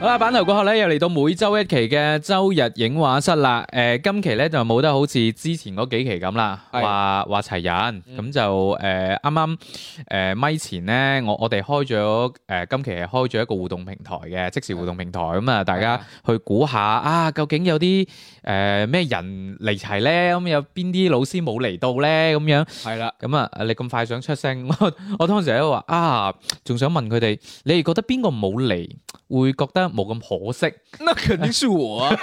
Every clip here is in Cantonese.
好啦，板頭過後咧，又嚟到每周一期嘅周日映畫室啦。誒、呃，今期咧就冇得好似之前嗰幾期咁啦，話話齊人咁、嗯、就誒，啱啱誒，咪、呃、前咧，我我哋開咗誒、呃，今期係開咗一個互動平台嘅即時互動平台，咁啊的，大家去估下啊，究竟有啲。誒咩人嚟齊咧？咁有邊啲老師冇嚟到咧？咁樣係啦。咁啊，你咁快想出聲？我我當時喺度話啊，仲想問佢哋，你哋覺得邊個冇嚟，會覺得冇咁可惜？那肯定是我啊！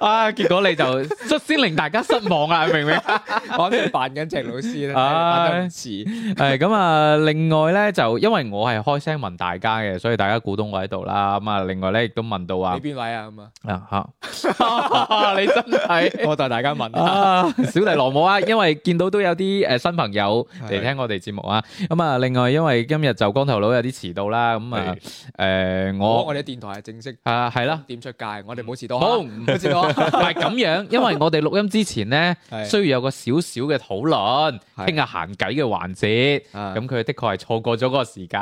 啊，結果你就率先令大家失望啦，明唔明？我哋扮緊鄭老師咧，扮得唔似。係咁啊，另外咧就因為我係開聲問大家嘅，所以大家估到我喺度啦。咁啊，另外咧亦都問到話，你邊位啊？啊吓！你真係我帶大家問啊，小弟羅姆啊，因為見到都有啲誒新朋友嚟聽我哋節目啊。咁啊，另外因為今日就光頭佬有啲遲到啦，咁啊誒我我哋電台係正式啊係啦，點出街？我哋冇遲到，好，唔好遲到？唔係咁樣，因為我哋錄音之前呢，需要有個少少嘅討論，傾下閒偈嘅環節。咁佢的確係錯過咗嗰個時間，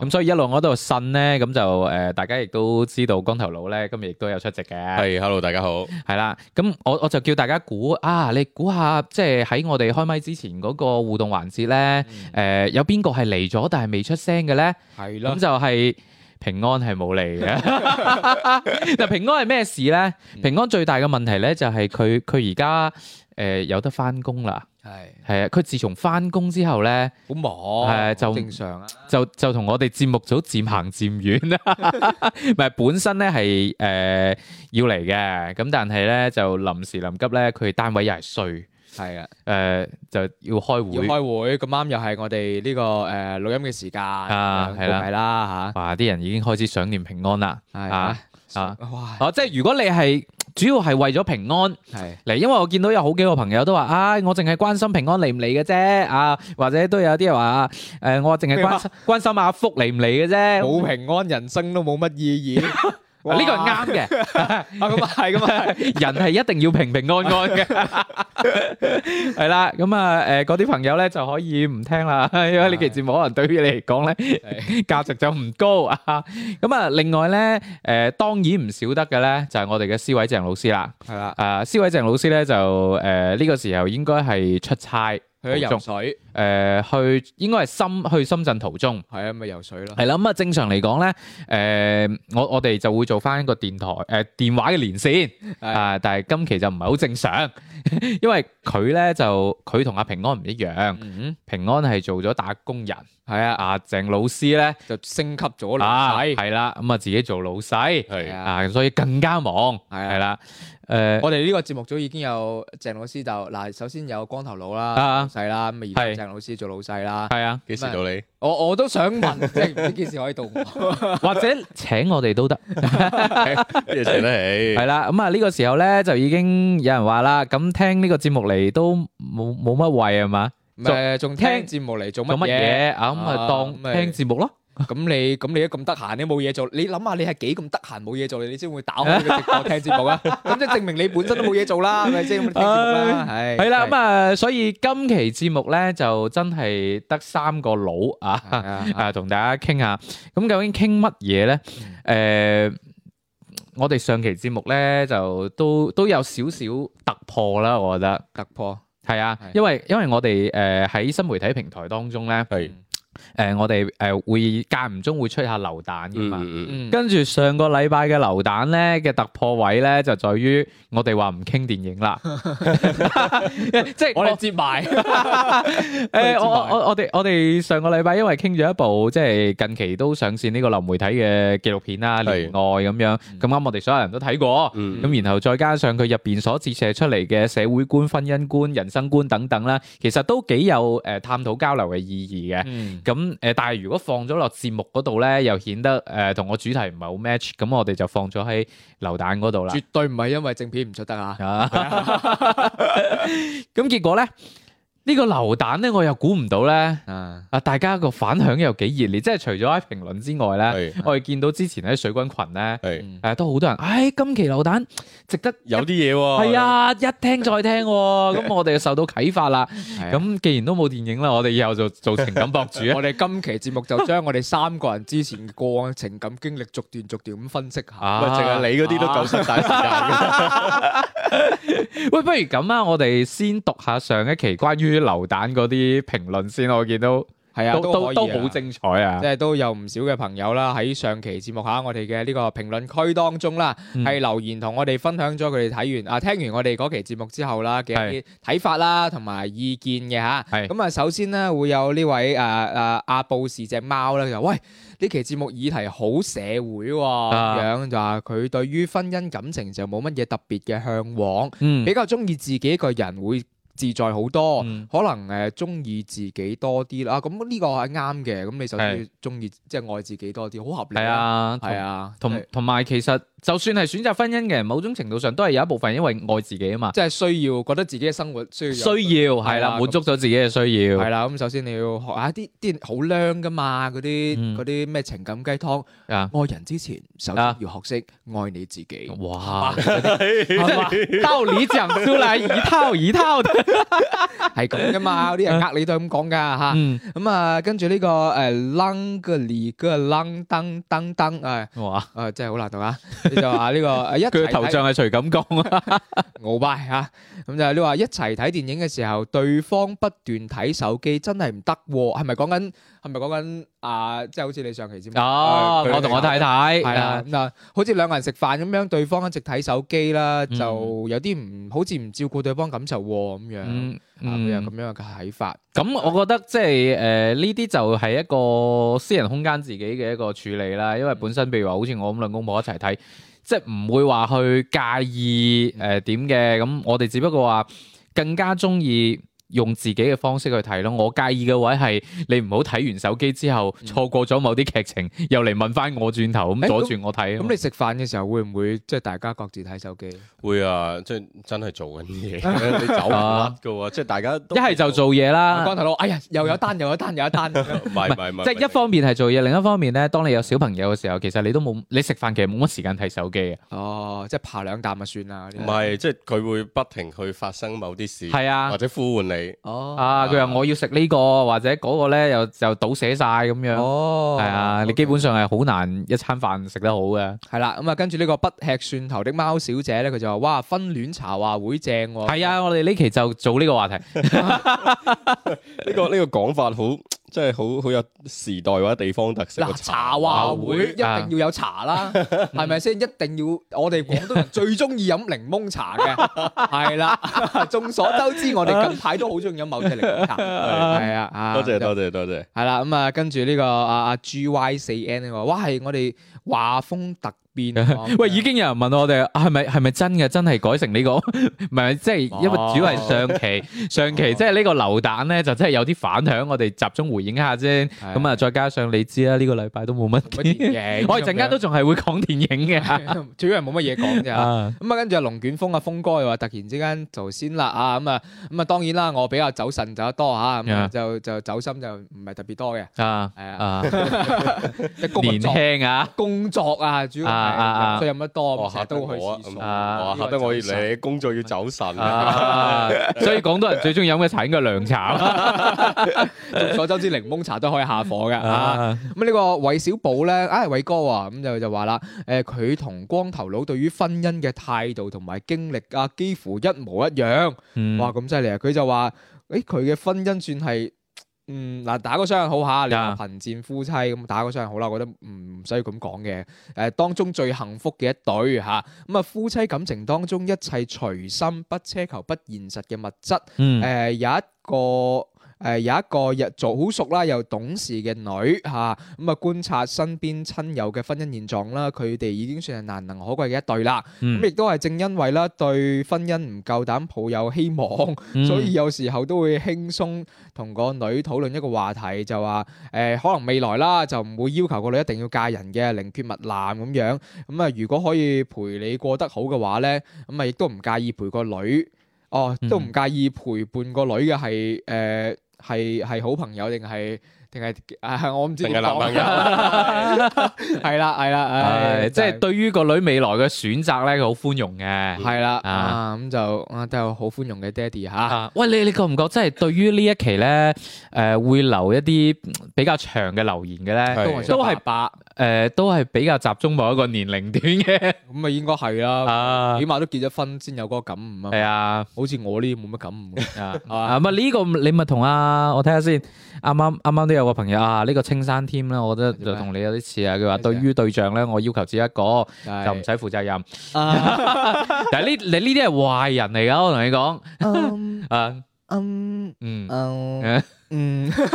咁所以一路我喺度呻呢，咁就誒，大家亦都知道光頭佬呢。今日。亦都有出席嘅，係，hello，大家好，係啦，咁我我就叫大家估啊，你估下，即係喺我哋開咪之前嗰個互動環節呢，誒、嗯呃，有邊個係嚟咗但係未出聲嘅呢？係啦的，咁就係平安係冇嚟嘅，嗱 平安係咩事呢？嗯、平安最大嘅問題呢就，就係佢佢而家誒有得翻工啦。係係啊！佢自從翻工之後咧，好忙，係就正常啊，就就同我哋節目組漸行漸遠啦。唔係本身咧係誒要嚟嘅，咁但係咧就臨時臨急咧，佢單位又係衰，係啊，誒就要開會，要開會。咁啱又係我哋呢個誒錄音嘅時間啊，係啦，係啦吓。哇！啲人已經開始想念平安啦，吓吓，哇！即係如果你係。主要係為咗平安嚟，是因為我見到有好幾個朋友都話啊，我淨係關心平安嚟唔嚟嘅啫啊。或者都有啲話啊，誒，我淨係關關心阿福嚟唔嚟嘅啫，冇平安人生都冇乜意義。 呢個係啱嘅，咁啊係咁啊，人係一定要平平安安嘅， 係啦，咁、呃、啊，誒，嗰啲朋友咧就可以唔聽啦，因為呢期節目可能對於你嚟講咧價值就唔高啊，咁啊，另外咧，誒、呃，當然唔少得嘅咧是的、啊，就係我哋嘅思維鄭老師啦，係、呃、啦，誒，思維鄭老師咧就誒呢個時候應該係出差去咗游水。誒去應該係深去深圳途中係啊，咪游水咯係啦，咁啊正常嚟講咧，誒我我哋就會做翻一個電台誒電話嘅連線啊，但係今期就唔係好正常，因為佢咧就佢同阿平安唔一樣，平安係做咗打工人，係啊，阿鄭老師咧就升級咗老細，係啦，咁啊自己做老細，係啊，所以更加忙係啦。誒，我哋呢個節目組已經有鄭老師就嗱，首先有光頭佬啦，係啦，咁啊而。鄭老師做老細啦，係啊，幾時到你？我我都想問，即係呢件事可以到我，或者請我哋都得，乜嘢咧？係，係啦，咁啊呢個時候咧就已經有人話啦，咁聽呢個節目嚟都冇冇乜謂係嘛？誒，仲聽節目嚟做乜嘢？咁咪當聽節目咯。咁你咁你都咁得閒，你冇嘢做，你諗下你係幾咁得閒冇嘢做，你你先會打開個直播聽節目啊？咁即係證明你本身都冇嘢做啦，係咪先？係啦，咁啊，所以今期節目咧就真係得三個佬啊，誒，同大家傾下。咁究竟傾乜嘢咧？誒，我哋上期節目咧就都都有少少突破啦，我覺得突破係啊，因為因為我哋誒喺新媒體平台當中咧係。誒，我哋誒會間唔中會吹下流彈噶嘛，跟住上個禮拜嘅流彈咧嘅突破位咧，就在於我哋話唔傾電影啦，即係我哋接埋。誒，我我我哋我哋上個禮拜因為傾咗一部，即係近期都上線呢個流媒體嘅紀錄片啦，戀愛咁樣，咁啱我哋所有人都睇過，咁然後再加上佢入邊所折射出嚟嘅社會觀、婚姻觀、人生觀等等啦，其實都幾有誒探討交流嘅意義嘅。咁誒，但係如果放咗落節目嗰度咧，又顯得誒同、呃、我主題唔係好 match，咁我哋就放咗喺榴彈嗰度啦。絕對唔係因為正片唔出得啊！咁 結果咧。呢個流彈咧，我又估唔到咧。啊！大家個反響又幾熱烈，即係除咗喺評論之外咧，我哋見到之前喺水軍群咧，誒都好多人。唉，今期流彈值得有啲嘢喎。係啊，一聽再聽，咁我哋就受到啟發啦。咁既然都冇電影啦，我哋以後就做情感博主。我哋今期節目就將我哋三個人之前過往情感經歷逐段逐段咁分析下。啊！淨係你嗰啲都夠曬時間。喂，不如咁啊，我哋先讀下上一期關於啲流彈嗰啲評論先，我見到係啊，都都好精彩啊！即係都有唔少嘅朋友啦，喺上期節目吓，我哋嘅呢個評論區當中啦，係、嗯、留言同我哋分享咗佢哋睇完啊，聽完我哋嗰期節目之後啦嘅一啲睇法啦，同埋是意見嘅吓。咁啊，首先咧會有呢位誒誒阿布士隻貓咧就喂呢期節目議題好社會、哦，咁、啊、樣就話佢對於婚姻感情就冇乜嘢特別嘅向往，嗯、比較中意自己一個人會。自在好多，嗯、可能誒中意自己多啲啦。咁、啊、呢、這個係啱嘅。咁你首先要中意，即係係啊愛自己多啲，好合理啊。係啊，係啊，同同埋其實。就算係選擇婚姻嘅，某種程度上都係有一部分因為愛自己啊嘛，即係需要覺得自己嘅生活需要，需要係啦，滿足咗自己嘅需要係啦。咁首先你要學下啲啲好娘噶嘛，嗰啲啲咩情感雞湯。嗯、愛人之前首先要學識愛你自己。哇，即係道理講出嚟一套一套，係咁噶嘛？啲人呃你都係咁講噶吓。咁啊、嗯，跟住呢個誒啷個里個啷當當當誒，誒真係好難讀啊！你就話呢、呢個，佢頭像係徐錦江，鰲拜嚇，咁就係你話一齊睇電影嘅時候，對方不斷睇手機真，真係唔得，係咪講緊？係咪講緊啊？即、就、係、是、好似你上期先，哦、我同我太太係啦。嗱、嗯啊啊，好似兩個人食飯咁樣，對方一直睇手機啦、啊，就有啲唔好似唔照顧對方感受咁樣。啊，有咁樣嘅睇、嗯嗯啊就是、法。咁、嗯嗯、我覺得即係誒呢啲就係、是呃、一個私人空間自己嘅一個處理啦。因為本身譬如話好似我咁兩公婆一齊睇，即係唔會話去介意誒點嘅。咁、呃、我哋只不過話更加中意。用自己嘅方式去睇咯，我介意嘅位係你唔好睇完手機之後錯過咗某啲劇情，又嚟問返我轉頭咁阻住我睇。咁你食飯嘅時候會唔會即係大家各自睇手機？會啊，即係真係做緊嘢，你走唔甩噶喎。即係大家一係就做嘢啦。光頭佬，哎呀，又有單，又有單，又有單。唔係唔係唔係，即係一方面係做嘢，另一方面咧，當你有小朋友嘅時候，其實你都冇，你食飯其實冇乜時間睇手機嘅。哦，即係爬兩啖啊算啦。唔係，即係佢會不停去發生某啲事，係啊，或者呼喚你。哦，啊，佢話我要食呢、呢個或者嗰個咧，又又倒瀉晒咁樣，係、哦、啊，你基本上係好難一餐飯食得好嘅。係啦、嗯，咁啊，跟住呢個不吃蒜頭的貓小姐咧，佢就話哇，分暖茶話會正、啊，係啊，我哋呢期就做呢個話題，呢、 呢個呢、呢個講法好。即係好好有時代或者地方特色嗱，茶話會一定要有茶啦，係咪先？ 一定要我哋廣東人最中意飲檸檬茶嘅，係 啦。眾所周知，我哋近排都好中意飲某隻檸檬茶，係 啊！多謝多謝多謝。係啦，咁啊，跟住呢、這個啊阿、uh, G Y 四 N 呢個，哇，係我哋華風特。變嘅，喂，已經有人問我哋係咪係咪真嘅，真係改成呢個。唔係即係因為主要係上期上期即係呢個榴彈咧，就真係有啲反響，我哋集中回應下先，咁啊再加上你知啦，呢個禮拜都冇乜電影，我哋陣間都仲係會講電影嘅，主要係冇乜嘢講咋，咁啊跟住龍捲風啊，風哥又話突然之間就先啦啊，咁啊咁啊當然啦，我比較走神走得多吓，咁就就走心就唔係特別多嘅，啊係啊，年輕啊工作啊主要。係啊，佢飲、 嗯、得多，哇吓都去，哇吓都我以你工作要走神，所以廣東人最中意飲咩茶？應該涼茶。眾所周知，檸檬茶都可以下火嘅啊。咁呢個韋小寶咧，啊韋哥啊，咁就就話啦，誒佢同光頭佬對於婚姻嘅態度同埋經歷啊，幾乎一模一樣。哇咁犀利啊！佢就話，誒佢嘅婚姻算係。嗯，嗱，打個雙好吓，你話貧賤夫妻咁打個雙好啦，我覺得唔唔需要咁講嘅。誒，當中最幸福嘅一對吓，咁啊夫妻感情當中一切隨心，不奢求，不現實嘅物質，誒、呃、有一個誒、呃、有一個日早熟啦又懂事嘅女嚇，咁啊、嗯、觀察身邊親友嘅婚姻現狀啦，佢哋已經算係難能可貴嘅一對啦。咁亦、嗯、都係正因為啦對婚姻唔夠膽抱有希望，所以有時候都會輕鬆同個女討論一個話題，就話誒、呃、可能未來啦就唔會要求個女一定要嫁人嘅，寧缺勿濫咁樣。咁、嗯、啊如果可以陪你過得好嘅話咧，咁啊亦都唔介意陪個女，哦都唔介意陪伴個女嘅係誒。呃係係好朋友定係。定係啊，我唔知。定係男朋友。係啦，係啦，唉，即係對於個女未來嘅選擇咧，佢好寬容嘅。係啦，啊，咁就啊，都係好寬容嘅爹哋吓。喂，你你覺唔覺即係對於呢一期咧，誒，會留一啲比較長嘅留言嘅咧？都係白，誒，都係比較集中某一個年齡段嘅。咁啊，應該係啦，起碼都結咗婚先有嗰個感悟啊。係啊，好似我呢冇乜感悟啊。咁啊，呢個你咪同啊，我睇下先。啱啱啱啱都有。有個朋友啊，呢、呢個青山添 e 咧，我覺得就同你有啲似啊。佢話麼對於對象咧，我要求只一個，就唔使負責任。嗯、 但係呢，你呢啲係壞人嚟噶，我同你講。嗯啊嗯嗯嗯，劉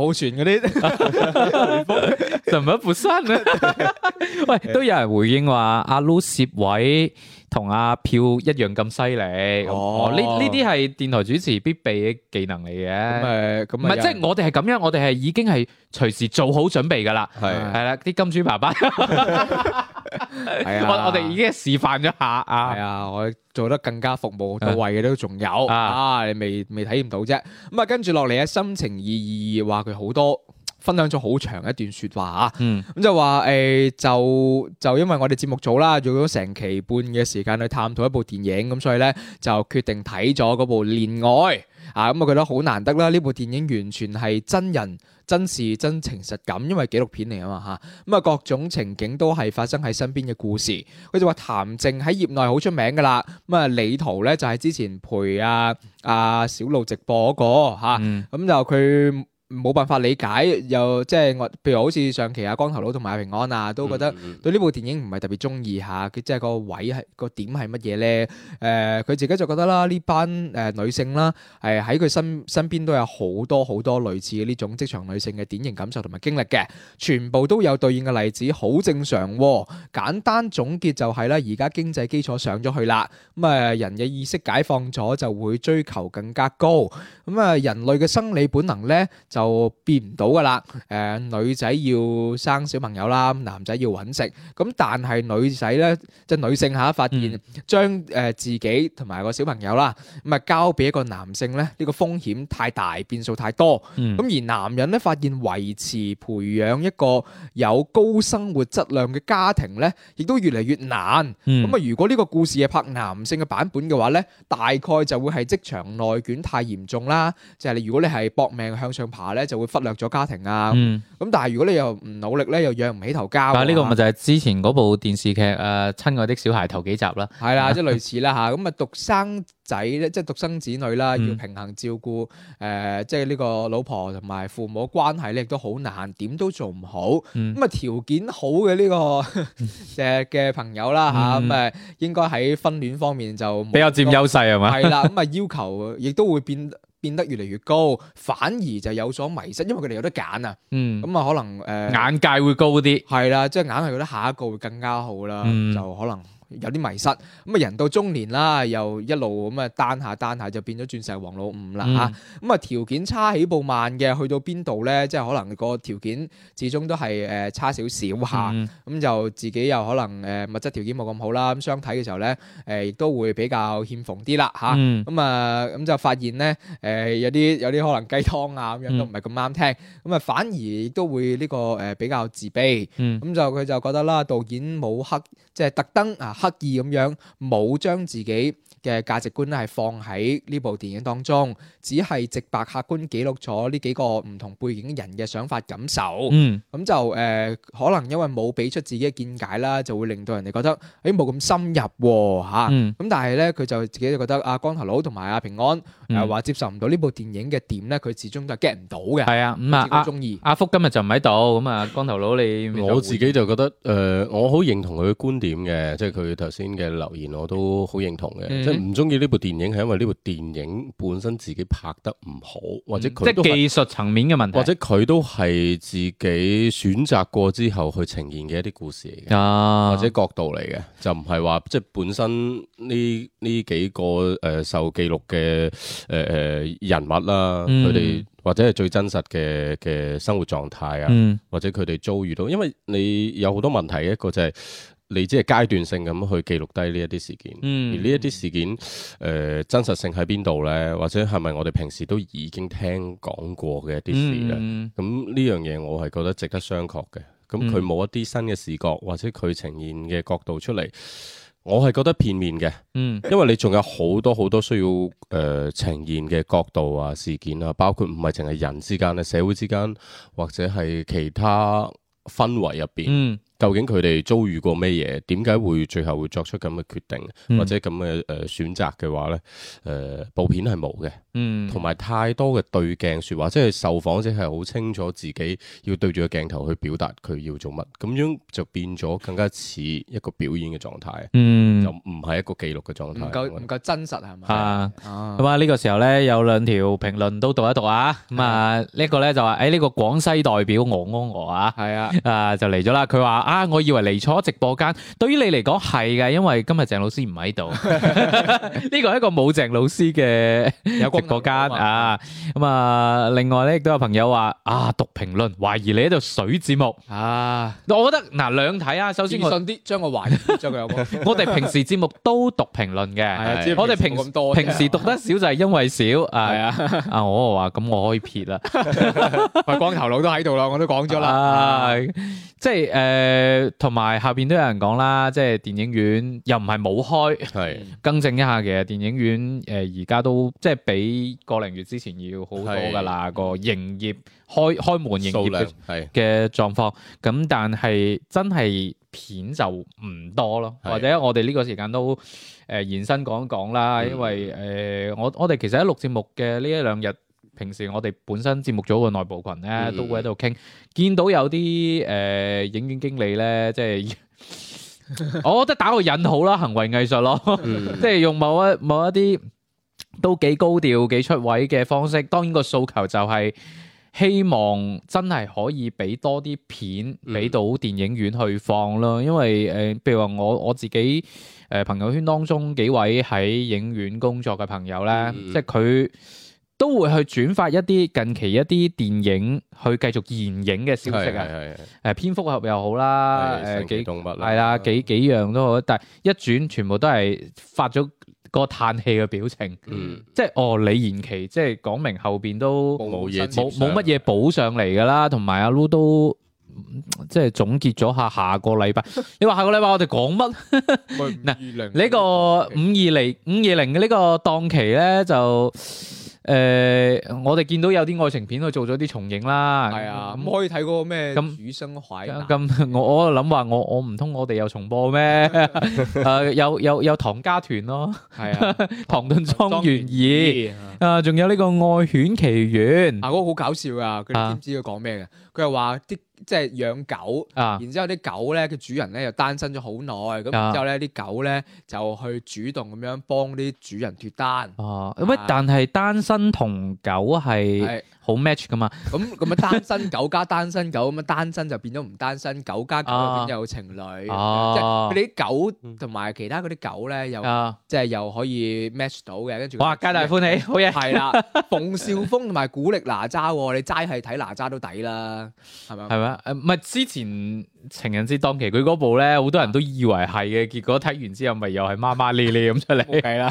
浩全嗰啲，唔麼不算呢？ 喂，都有人回應話阿 l u c 位。同阿、啊、票一樣咁犀利哦！呢呢啲係電台主持必備嘅技能嚟嘅，咁咁唔係即係我哋係咁樣，我哋係已經係隨時做好準備㗎啦，係係啦，啲金主爸爸，我我哋已經示範咗下啊，係啊，我做得更加服務到位嘅都仲有的啊,啊，你未未體驗到啫，咁啊跟住落嚟嘅心情意義話佢好多。分享咗好長一段説話嚇，咁、嗯嗯、就話誒、欸、就就因為我哋節目組啦，用咗成期半嘅時間去探討一部電影，咁所以咧就決定睇咗嗰部《戀愛》啊，咁、嗯、我覺得好難得啦！呢部電影完全係真人真事真情實感，因為紀錄片嚟啊嘛嚇，咁啊各種情景都係發生喺身邊嘅故事。佢就話譚靖喺業內好出名噶啦，咁啊李圖咧就係之前陪啊啊小路直播嗰個咁就佢。嗯嗯冇辦法理解，又即係我，譬如好似上期阿、啊、光頭佬同埋阿平安啊，都覺得對呢部電影唔係特別中意嚇。佢、啊、即係個位係、那個點個點係乜嘢咧？誒、呃，佢自己就覺得啦，呢班誒、呃、女性啦，係喺佢身身邊都有好多好多類似嘅呢種職場女性嘅典型感受同埋經歷嘅，全部都有對應嘅例子，好正常，啊。簡單總結就係啦，而家經濟基礎上咗去啦，咁、嗯、誒人嘅意識解放咗就會追求更加高，咁、嗯、啊人類嘅生理本能咧就。就變唔到噶啦，誒、呃，女仔要生小朋友啦，男仔要搵食，咁但係女仔咧，即係女性吓、啊，發現將誒自己同埋個小朋友啦，啊、嗯、交俾一個男性咧，呢、這個風險太大，變數太多，咁、嗯、而男人咧，發現維持培養一個有高生活質量嘅家庭咧，亦都越嚟越難，咁啊，如果呢個故事係拍男性嘅版本嘅話咧，大概就會係職場內卷太嚴重啦，就係、是、你如果你係搏命向上爬咧就會忽略咗家庭啊，咁但係如果你又唔努力咧，又養唔起頭家。啊，呢個咪就係之前嗰部電視劇《誒親愛的小孩》頭幾集啦。係啦，即係類似啦嚇，咁啊獨生仔咧，即係獨生子女啦，要平衡照顧誒，即係呢個老婆同埋父母關係咧，亦都好難，點都做唔好。咁啊條件好嘅呢個嘅嘅朋友啦嚇，咁誒應該喺婚戀方面就比較佔優勢係咪？係啦，咁啊要求亦都會變。變得越嚟越高，反而就有所迷失，因為佢哋有得揀啊。嗯，咁啊可能誒、呃、眼界會高啲，係啦，即係硬係覺得下一個會更加好啦，嗯、就可能，有啲迷失，咁啊人到中年啦，又一路咁啊單下單下就變咗鑽石王老五啦吓，咁啊條件差起步慢嘅，去到邊度咧，即係可能個條件始終都係誒差少少嚇，咁、嗯啊、就自己又可能誒物質條件冇咁好啦，咁相睇嘅時候咧誒亦都會比較欠奉啲啦吓，咁啊咁、嗯啊、就發現咧誒、呃、有啲有啲可能雞湯啊咁樣、嗯、都唔係咁啱聽，咁啊反而亦都會呢個誒比較自卑，咁就佢就覺得啦導演冇黑，即、就、係、是、特登啊！啊啊啊刻意咁樣冇將自己。嘅價值觀咧，係放喺呢部電影當中，只係直白客觀記錄咗呢幾個唔同背景人嘅想法感受。嗯，咁就誒，可能因為冇俾出自己嘅見解啦，就會令到人哋覺得誒冇咁深入喎嚇咁、啊嗯、但係咧，佢就自己就覺得阿光頭佬同埋阿平安誒話接受唔到呢部電影嘅點咧，佢始終都係 get 唔到嘅。係、嗯、啊，咁啊阿中意阿福今日就唔喺度，咁啊光頭佬你我自己就覺得誒、呃，我好認同佢嘅觀點嘅，即係佢頭先嘅留言我都好認同嘅。嗯嗯唔中意呢部電影，係因為呢部電影本身自己拍得唔好，或者佢、嗯、即係技術層面嘅問題，或者佢都係自己選擇過之後去呈現嘅一啲故事，嚟嘅，或者角度嚟嘅，就唔係話即係本身呢呢幾個誒、呃、受記錄嘅誒誒人物啦，佢哋、嗯、或者係最真實嘅嘅生活狀態啊，嗯、或者佢哋遭遇到，因為你有好多問題嘅一個就係、是。你只係階段性咁去記錄低呢一啲事件，嗯、而呢一啲事件，誒、呃、真實性喺邊度呢？或者係咪我哋平時都已經聽講過嘅一啲事呢？咁呢、嗯、樣嘢我係覺得值得商榷嘅。咁佢冇一啲新嘅視角，或者佢呈現嘅角度出嚟，我係覺得片面嘅。嗯，因為你仲有好多好多需要誒、呃呃、呈現嘅角度啊、事件啊，包括唔係淨係人之間啊、社會之間，或者係其他氛圍入邊。嗯究竟佢哋遭遇過咩嘢？點解會最後會作出咁嘅決定，嗯、或者咁嘅選擇嘅話咧？誒、呃，部片係冇嘅。嗯，同埋太多嘅對鏡說話，即係受訪者係好清楚自己要對住個鏡頭去表達佢要做乜，咁樣就變咗更加似一個表演嘅狀態，嗯，就唔係一個記錄嘅狀態，唔夠唔夠真實係咪？係係啊，咁啊呢、啊這個時候咧有兩條評論都讀一讀啊，咁啊、這個、呢、哎這個咧就話誒呢個廣西代表我安我啊，係啊，啊就嚟咗啦，佢話啊我以為嚟錯直播間，對於你嚟講係嘅，因為今日鄭老師唔喺度，呢個係一個冇鄭老師嘅有個。 嗰間啊咁啊，另外咧亦都有朋友話啊，讀評論懷疑你喺度水節目啊！我覺得嗱兩睇啊，首先我信啲，將我懷疑將佢有冇？我哋平時節目都讀評論嘅，我哋平平時讀得少就係因為少，係啊！我話咁，我可以撇啦，個光頭佬都喺度啦，我都講咗啦，即係誒，同埋下邊都有人講啦，即係電影院又唔係冇開，係更正一下嘅其實電影院誒，而家都即係比。幾個零月之前要好多噶啦，個營業開開門營業嘅狀況，咁但係真係片就唔多咯，或者我哋呢個時間都誒延伸講一講啦，因為誒我我哋其實喺錄節目嘅呢一兩日，平時我哋本身節目組嘅內部群咧都會喺度傾，見到有啲誒影院經理咧，即係，我覺得打個引號啦，行為藝術咯，即係用某一某一啲。都幾高調，幾出位嘅方式，當然個訴求就係希望真係可以俾多啲片俾、嗯、到電影院去放咯。因為誒，譬、呃、如話我我自己誒、呃、朋友圈當中幾位喺影院工作嘅朋友咧，嗯、即係佢都會去轉發一啲近期一啲電影去繼續延影嘅消息啊。誒、呃，蝙蝠俠又好啦，誒是，呃、幾係啦，幾幾，幾，幾樣都好，但係一轉全部都係發咗。個嘆氣嘅表情，嗯、即係哦，李延期，即係講明後邊都冇嘢，冇冇乜嘢補上嚟噶啦，同埋阿 Lulu 都即係總結咗下下個禮拜， 你話下個禮拜我哋講乜？嗱 呢個五二零五二零嘅呢個檔期咧就。誒、呃，我哋見到有啲愛情片佢做咗啲重映啦，係啊，咁可以睇嗰個咩？咁我我諗話我我唔通我哋又重播咩？誒、 uh,，有有有《有唐家屯》咯，係啊， 唐《唐頓莊園二》啊、嗯，仲有呢個《愛犬奇緣》，嗱嗰、啊那個、好搞笑噶，佢哋點知佢講咩嘅？佢又話啲即係養狗，啊、然之後啲狗咧，佢主人咧又單身咗好耐，咁、啊、然之後咧啲狗咧就去主動咁樣幫啲主人脫單。哦、啊，喂是，但係單身同狗係。好 match 噶嘛？咁咁咪單身狗加單身狗咁啊，單身就變咗唔單身，狗加狗變有情侶。即係佢哋啲狗同埋其他嗰啲狗咧，又即係又可以 match 到嘅。跟住哇，皆大歡喜，好嘢。係啦，馮紹峰同埋古力娜扎喎，你齋係睇娜扎都抵啦，係咪嗎啊？係咩？誒唔係之前，情人節檔期，佢嗰部呢好多人都以為係嘅，結果睇完之後又媽媽咪又係罵罵咧咧咁出嚟。係啦，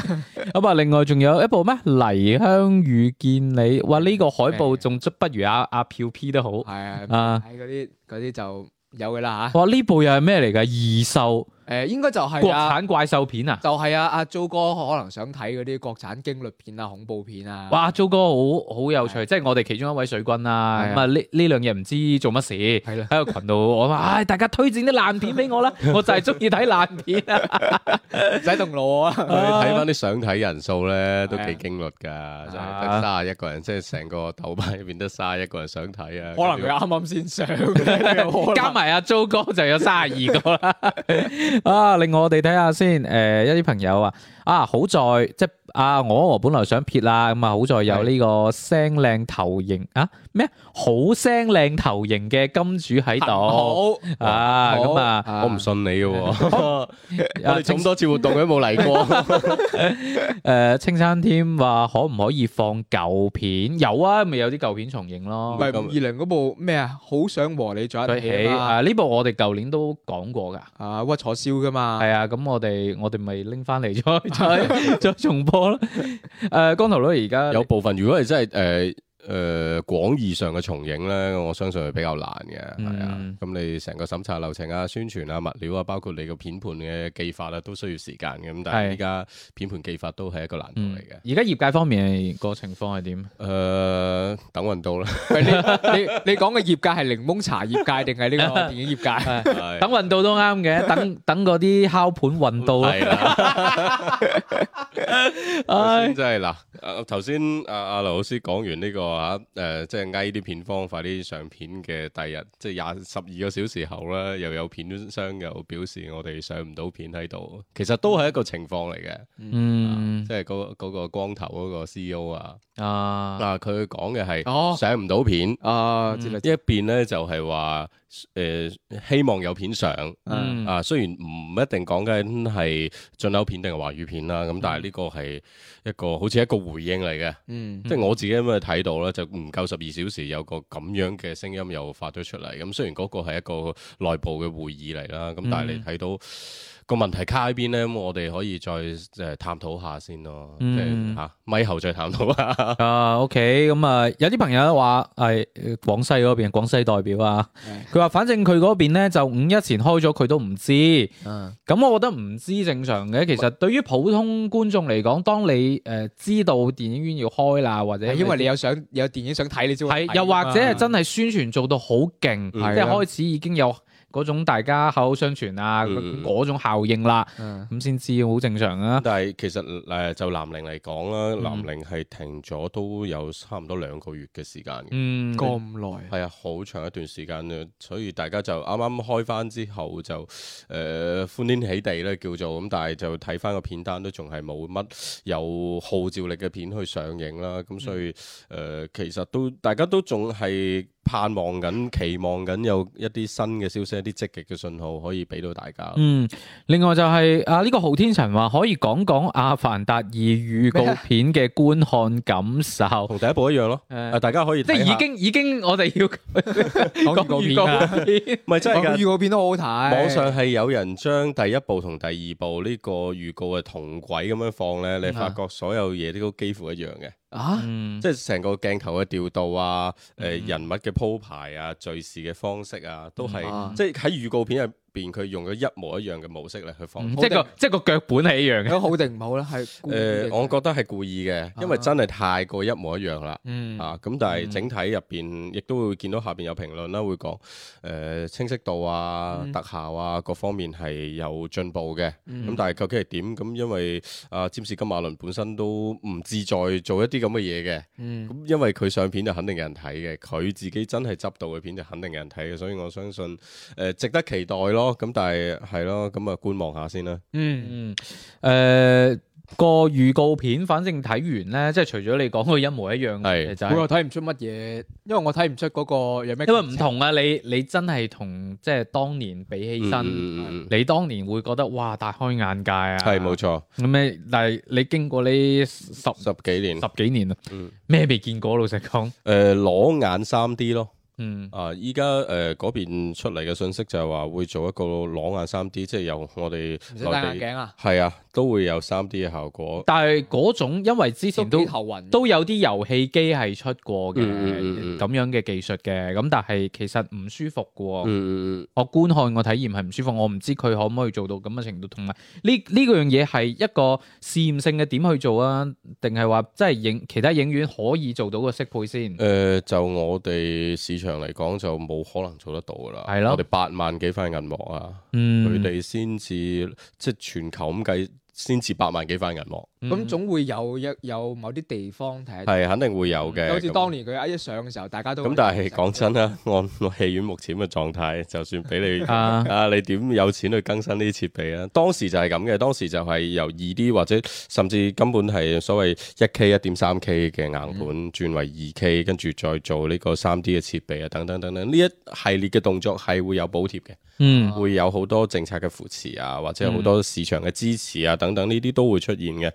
咁啊，另外仲有一部咩？《黎香遇見你》，哇，呢、這個海報仲不如阿阿票 P 都好。係啊，啊，嗰啲嗰啲就有噶啦吓。哇、啊，呢、啊啊啊啊啊、部又係咩嚟嘅？異獸。誒應該就係國產怪獸片啊！就係啊！阿 Zo 哥可能想睇嗰啲國產驚慄片啊、恐怖片啊！哇！Zo 哥好好有趣，即係我哋其中一位水軍啊。咁啊呢呢兩日唔知做乜事，喺個群度我話唉大家推薦啲爛片俾我啦，我就係中意睇爛片啊！唔使動腦啊！睇翻啲想睇人數咧都幾驚慄㗎，得卅一個人，即係成個豆瓣入面得卅一個人想睇啊！可能佢啱啱先上，加埋阿 Zo 哥就有卅二個啦。啊！另外我哋睇下先，誒、呃，一啲朋友啊啊，好在即。啊我本來想撇啦，咁啊好在有呢個聲靚頭型啊咩好聲靚頭型嘅金主喺度，好啊咁啊，我唔信你嘅，我哋咁多次活動都冇嚟過。誒，青山添話可唔可以放舊片？有啊，咪有啲舊片重映咯，唔係二零嗰部咩啊？好想和你在一起啊！呢部我哋舊年都講過噶，啊屈楚蕭噶嘛，係啊，咁我哋我哋咪拎翻嚟再再再重播。我誒，光頭佬而家有部分，如果你真係誒。呃誒，廣、呃、義上嘅重影咧，我相信係比較難嘅，係、嗯、啊。咁、嗯嗯、你成個審查流程啊、宣傳啊、物料啊，包括你個片盤嘅記法啦、啊，都需要時間嘅。咁但係依家片盤記法都係一個難度嚟嘅。而家、嗯、業界方面個情況係點？誒、呃，等運到啦。 你你講嘅業界係檸檬茶業界定係呢個電影業界？等運到都啱嘅，等等嗰啲拷盤運到啦。 嗯嗯嗯、 真係嗱，頭先阿阿劉老師講完呢個。誒，即係挨啲片方發啲上片嘅第日，即係廿十二個小時後咧，又有片商又表示我哋上唔到片喺度，其實都係一個情況嚟嘅，嗯，即係嗰嗰個光頭嗰個 CEO 啊,啊,啊,啊，啊，佢講嘅係上唔到片啊，一邊咧就係、是、話。誒、呃、希望有片上，嗯、啊雖然唔一定講緊係進口片定係華語片啦，咁但係呢個係一個、嗯、好似一個回應嚟嘅，即係、嗯、我自己咁樣睇到咧，就唔夠十二小時有個咁樣嘅聲音又發咗出嚟，咁雖然嗰個係一個內部嘅會議嚟啦，咁但係你睇到。嗯個問題卡喺邊咧？咁我哋可以再誒探討下先咯。吓、嗯，咪、啊、後再探討啊。啊，OK。咁啊，有啲朋友話係廣西嗰邊，廣西代表啊。佢話唉反正佢嗰邊咧就五一前開咗，佢都唔知。咁唉我覺得唔知正常嘅。其實對於普通觀眾嚟講，當你誒知道電影院要開啦，或者因為你有想有電影想睇，你先係。啊、又或者係真係宣傳做到好勁，即係開始已經有。嗰種大家口口相傳啊，嗰、嗯、種效應啦、啊，咁先、嗯、知好正常啊。但係其實誒就南寧嚟講啦，南、嗯、寧係停咗都有差唔多兩個月嘅時間嘅，咁耐係啊，好長一段時間啊。所以大家就啱啱開翻之後就誒、呃、歡天喜地咧叫做咁，但係就睇翻個片單都仲係冇乜有號召力嘅片去上映啦。咁所以誒、嗯呃，其實都大家都仲係。盼望緊，期望緊有一啲新嘅消息，一啲積極嘅信號可以俾到大家。嗯，另外就係、是、啊，呢、這個浩天神話可以講講《阿凡達二》預告片嘅觀看感受，同第一部一樣咯。誒、呃，大家可以即係已經已經，已經我哋要講預 告片，唔係即係嘅預告片都好好睇。網上係有人將第一部同第二部呢個預告嘅同軌咁樣放咧，嗯、你發覺所有嘢都幾乎一樣嘅。啊！嗯、即係成個鏡頭嘅調度啊，誒、嗯呃，人物嘅鋪排啊，敘事嘅方式啊，都係、嗯啊、即係喺預告片入邊佢用咗一模一樣嘅模式咧去放、嗯，即係個、嗯、即係個腳本係一樣嘅、嗯，好定唔好咧？係誒、呃，我覺得係故意嘅，因為真係太過一模一樣啦。嗯啊，咁、嗯啊、但係整體入邊亦都會見到下邊有評論啦，會講誒、呃、清晰度啊、嗯、特效啊各方面係有進步嘅。咁、嗯嗯、但係究竟係點？咁因為啊，占士金馬倫本身都唔志在做一啲咁嘅嘢嘅。嗯，咁、嗯、因為佢上片就肯定有人睇嘅，佢自己真係執到嘅片就肯定有人睇嘅，所以我相信誒、呃，值得期待咯。哦，咁但係係咯，咁啊觀望下先啦。嗯嗯，誒、呃這個預告片，反正睇完咧，即係除咗你講佢一模一樣，是其實、哎、我睇唔出乜嘢，因為我睇唔出嗰個有咩。因為唔同啊，你你真係同即係當年比起身，嗯嗯、你當年會覺得哇大開眼界啊。係冇錯。咁咩？但係你經過呢十十幾年，十幾年、嗯、啊，咩未見過？老實講，誒、呃，裸眼三 D 咯。嗯，啊，依家誒邊出嚟嘅信息就係話會做一個裸眼三 D，即係由我哋唔使戴眼鏡啊，係啊，都會有三 D 嘅效果。但係嗰種因為之前都都,頭暈都有啲遊戲機係出過嘅咁、嗯嗯嗯、樣嘅技術嘅，咁但係其實唔舒服嘅。嗯嗯我觀看我體驗係唔舒服，我唔知佢可唔可以做到咁嘅程度。同埋呢呢個樣嘢係一個試驗性嘅點去做啊，定係話即係影其他影院可以做到個適配先？誒、呃、就我哋市場。常嚟講就冇可能做得到噶啦，係咯，我哋八萬幾塊銀幕啊，佢哋先至即係全球咁計，先至八萬幾塊銀幕。咁、嗯、總會有一有某啲地方睇，係肯定會有嘅。好似當年佢樣一上嘅時候，大家都咁，但係講真啦， 按戲院目前嘅狀態，就算俾你 啊你點有錢去更新呢啲設備啊？當時就係咁嘅，當時就係由二 D 或者甚至根本係所謂一 K 一點三 K 嘅硬盤、嗯、轉為二 K，跟住再做呢個三 D 嘅設備啊，等等等等。呢一系列嘅動作係會有補貼嘅，嗯，會有好多政策嘅扶持啊，或者好多市場嘅支持啊，等等呢啲都會出現嘅。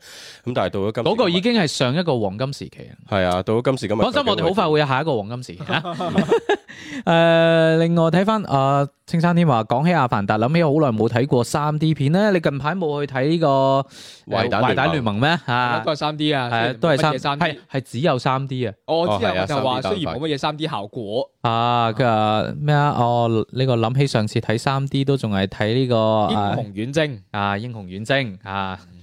咁但係到咗今嗰個已經係上一個黃金時期啦。係啊，到咗今時今日，我相信我哋好快會有下一個黃金時期。誒、 呃，另外睇翻誒，青山天話講起阿凡達，諗起好耐冇睇過三 D 片咧。你近排冇去睇呢、這個壞、呃、蛋聯盟咩、嗯？啊，都係三 D, D 啊，係都係三係係只有三 D、哦、啊。我知就話雖然冇乜嘢三 D 效果啊，佢話咩啊，哦呢個諗起上次睇三 D 都仲係睇呢個英雄遠征啊，英雄遠征啊。啊啊啊啊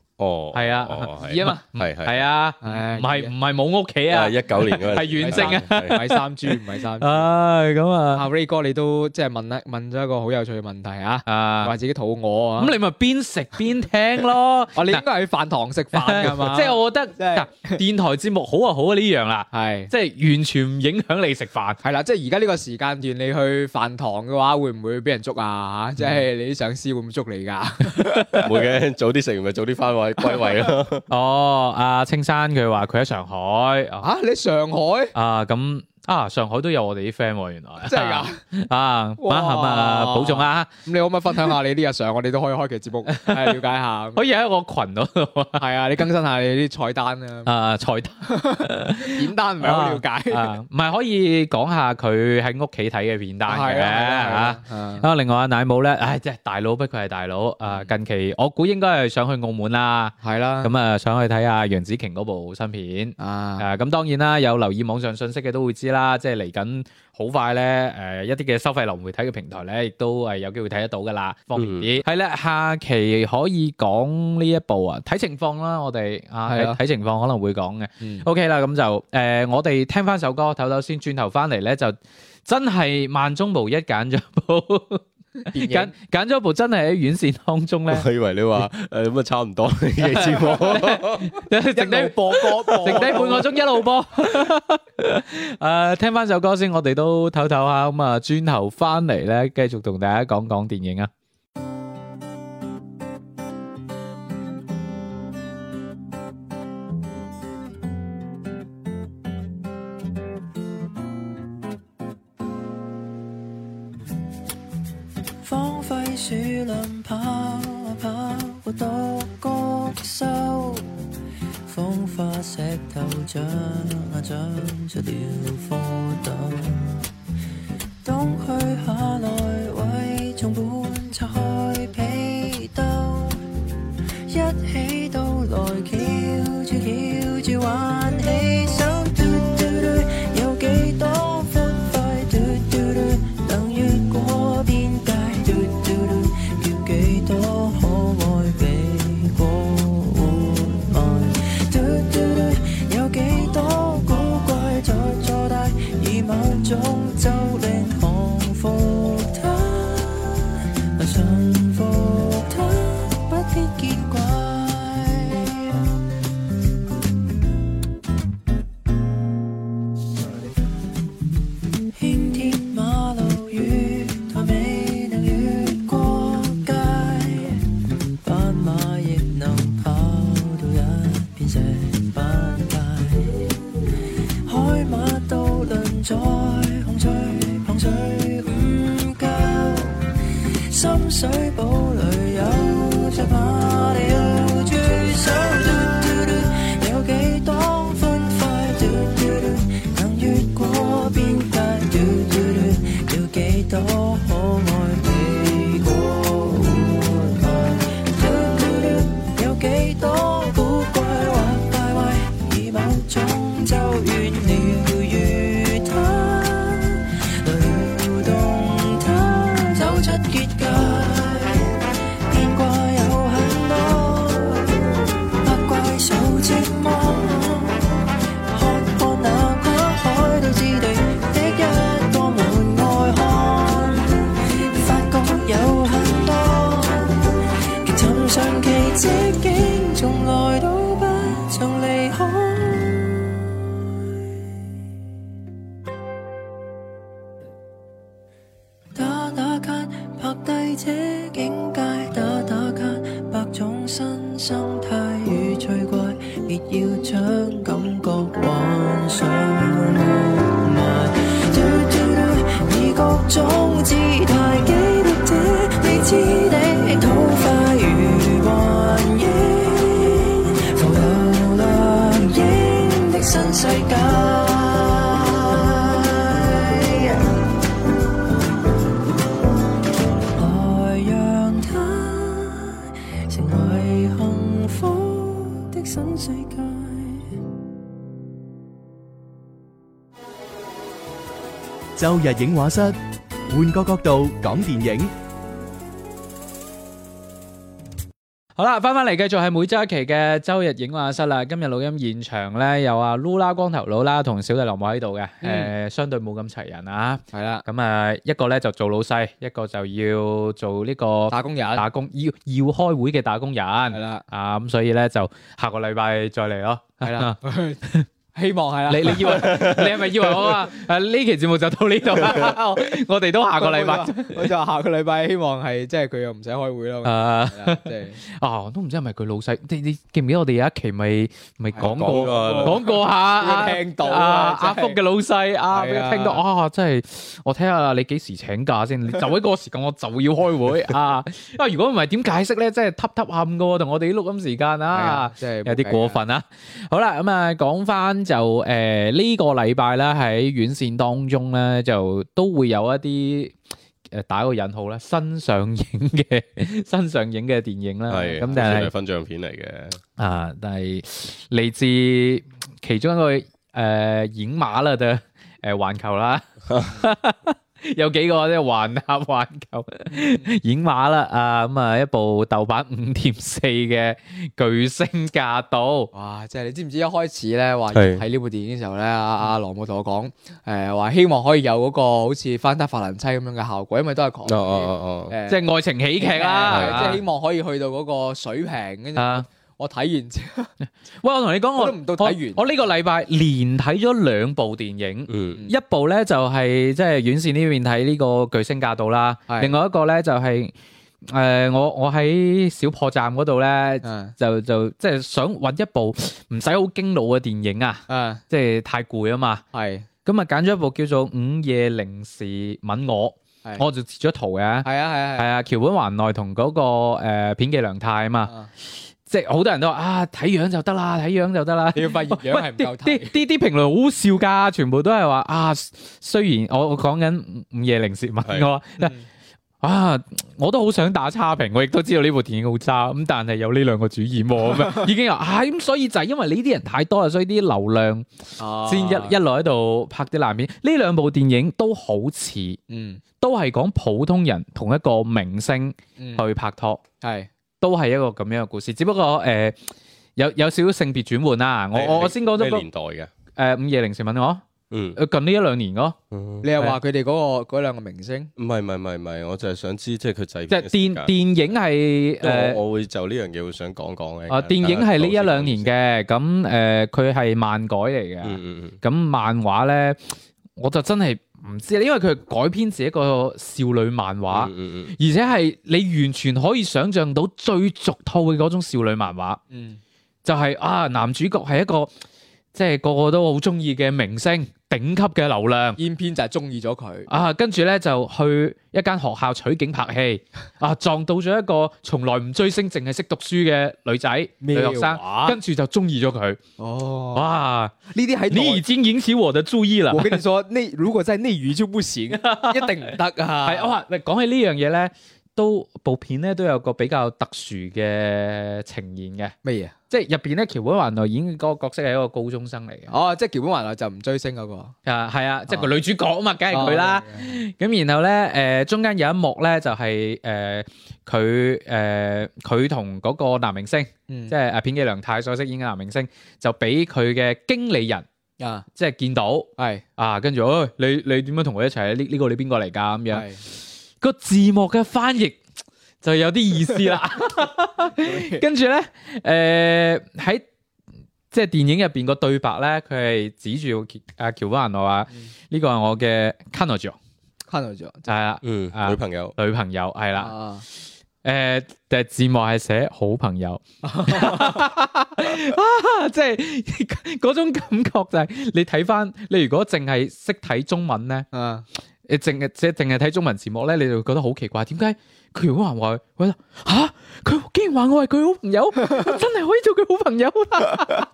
哦，係啊，係啊嘛，係係啊，係唔係唔係冇屋企啊？係一九年嗰陣係完整啊，咪三 G 唔係三 G。唉，咁啊，阿 Ray 哥你都即係問啦，問咗一個好有趣嘅問題啊，話自己肚餓啊，咁你咪邊食邊聽咯。我你應該喺飯堂食飯噶嘛，即係我覺得，電台節目好啊好啊呢樣啦，係即係完全唔影響你食飯，係啦，即係而家呢個時間段你去飯堂嘅話，會唔會俾人捉啊？即係你啲上司會唔會捉你噶？唔會嘅，早啲食完咪早啲翻位。歸位啦！ 哦，阿、啊、青山佢話佢喺上海。啊，你喺上海啊？咁。啊！上海都有我哋啲 friend 喎，原來真係噶！啊，哇，保重啊！咁你可唔可以分享下你啲日常？我哋都可以開期節目，了解下。可以喺個群度，係啊！你更新下你啲菜單啊！啊，菜單片單唔係好了解，唔係可以講下佢喺屋企睇嘅片單嘅啊，另外阿奶母咧，即係大佬不愧係大佬。啊，近期我估應該係想去澳門啦，係啦。咁啊，想去睇下楊紫瓊嗰部新片啊。咁當然啦，有留意網上信息嘅都會知。啦，即係嚟緊好快咧，誒、呃，一啲嘅收費流媒體嘅平台咧，亦都係有機會睇得到噶啦，方便啲係啦。下期可以講呢一部啊，睇情況啦，我哋啊係睇情況可能會講嘅。嗯、OK 啦，咁就誒、呃，我哋聽翻首歌，唞唞先，轉頭翻嚟咧就真係萬中無一揀咗一部。 揀揀咗部真係喺院線當中咧，我以為你話誒，咁啊差唔多幾錢播，剩低播歌，剩低半個鐘一路播。誒，聽翻首歌先，我哋都唞唞下，咁啊轉頭翻嚟咧，繼續同大家講講電影啊。日影畫室，換個角度講電影。好啦，返返嚟，繼續係每周一期嘅周日影畫室啦。今日錄音現場咧，有阿嚕啦、光頭佬啦同小弟羅武喺度嘅。誒，相對冇咁齊人啊。係啦，咁啊，一個咧就做老細，一個就要做呢個打工人。打工要要開會嘅打工人。係啦，啊咁，所以咧就下個禮拜再嚟咯。係啦。希望係啊， 你你以為你係咪以為我 啊？誒，呢期節目就到呢度 我哋都下， 下個禮拜，我就下個禮拜希望係即係佢又唔使開會啦。 uh、 啊，都唔知係咪佢老細？你你記唔記得我哋有一期咪咪講過講過，過下？ 聽到啊，啊啊阿福嘅老細 啊，聽到啊，真係我睇下你幾時請假先？就喺嗰個時間我就要開會 啊，因為如果唔係點解釋咧？即係凸凸冚噶，同我哋啲錄音時間啊，即、 啊、有啲過分啊。好啦、 啊，咁啊講翻。 就誒呢、呃這個禮拜咧喺院線當中咧就都會有一啲誒、呃、打個引號咧新上映嘅 新上映嘅電影啦，係咁是但係、就、係、是、分賬片嚟嘅啊，但係嚟自其中一個誒影、呃、馬啦，就誒環球啦。 有幾個即係玩下玩球，演話啦啊咁啊一部豆瓣五點四嘅巨星嫁到哇！即係你知唔知一開始咧話睇呢部電影嘅時候咧阿阿羅姆同我講誒話希望可以有嗰、那個好似翻得法蘭妻咁樣嘅效果，因為都係講哦,哦哦哦，呃、即係愛情喜劇啦、啊，即係、嗯啊、希望可以去到嗰個水平跟住。我睇完之後，喂，我同你講，我我呢個禮拜連睇咗兩部電影，一部咧就係即係院線呢邊睇呢個《巨星嫁到》啦，另外一個咧就係誒我我喺小破站嗰度咧就就即係想揾一部唔使好驚腦嘅電影啊，即係太攰啊嘛，咁啊揀咗一部叫做《午夜零時吻我》，我就截咗圖嘅，係啊係啊係啊，橋本環奈同嗰個誒片寄涼太啊嘛。即係好多人都話啊，睇樣就得啦，睇樣就得啦。要發現樣係唔夠睇。啲啲啲評論好笑㗎，全部都係話啊，雖然我我講緊午夜零時問我，啊，我都好想打差評，我亦都知道呢部電影好渣。咁但係有呢兩個主演喎，已經有係咁，所以就係因為呢啲人太多啊，所以啲流量先一、啊、一路喺度拍啲爛片。呢兩部電影都好似，嗯，都係講普通人同一個明星去拍拖，係、嗯。都係一個咁樣嘅故事，只不過誒有有少少性別轉換啦。我我先講咗個年代嘅誒午夜零時問我，嗯，近呢一兩年咯，你又話佢哋嗰個嗰兩個明星？唔係唔係唔係，我就係想知即係佢製。即係電電影係誒，我會就呢樣嘢會想講講咧。啊，電影係呢一兩年嘅，咁誒佢係漫改嚟嘅，咁漫畫咧我就真係。唔知啊，因為佢改編自己個少女漫畫，而且係你完全可以想像到最俗套嘅嗰種少女漫畫，就係、是、啊，男主角係一個。即係個個都好中意嘅明星，頂級嘅流量，偏偏就係中意咗佢啊，跟住呢，就去一間學校取景拍戲 啊，撞到咗一個從來唔追星，淨係識讀書嘅女仔女學生，麼跟住就中意咗佢。哦，哇！呢啲喺你已經引起我的注意啦。我跟你說，如果真係在內娛就不行，一定唔得㗎。係哇，講起呢樣嘢呢。都部片咧都有個比較特殊嘅呈現嘅，乜嘢麼？即係入邊咧，橋本環奈演嗰個角色係一個高中生嚟嘅。哦，即係橋本環奈就唔追星嗰、那個。啊，係啊，即係個女主角啊嘛，梗係佢啦。咁、哦、然後咧，誒、呃、中間有一幕咧就係、是，誒佢誒佢同嗰個男明星，嗯、即係阿片寄涼太所飾演嘅男明星，就俾佢嘅經理人啊，即係見到係是啊，跟住，哎你你點樣同佢一齊呢呢個你邊個嚟噶？咁樣。個字幕嘅翻譯就有啲意思啦 呢，跟住咧，誒喺即係電影入邊個對白咧，佢係指住阿喬巴人話呢個係我嘅 Candor，Candor 就係啦，嗯，女朋友女朋友係啦，誒、啊、但、呃呃、字幕係寫好朋友、 啊、即係嗰種感覺就係你睇翻你如果淨係識睇中文咧，嗯。 你淨係即係淨係睇中文字幕咧，你就會覺得好奇怪，點解橋本環奈？我嚇佢、啊、竟然話我係佢好朋友， 真係可以做佢好朋友啦！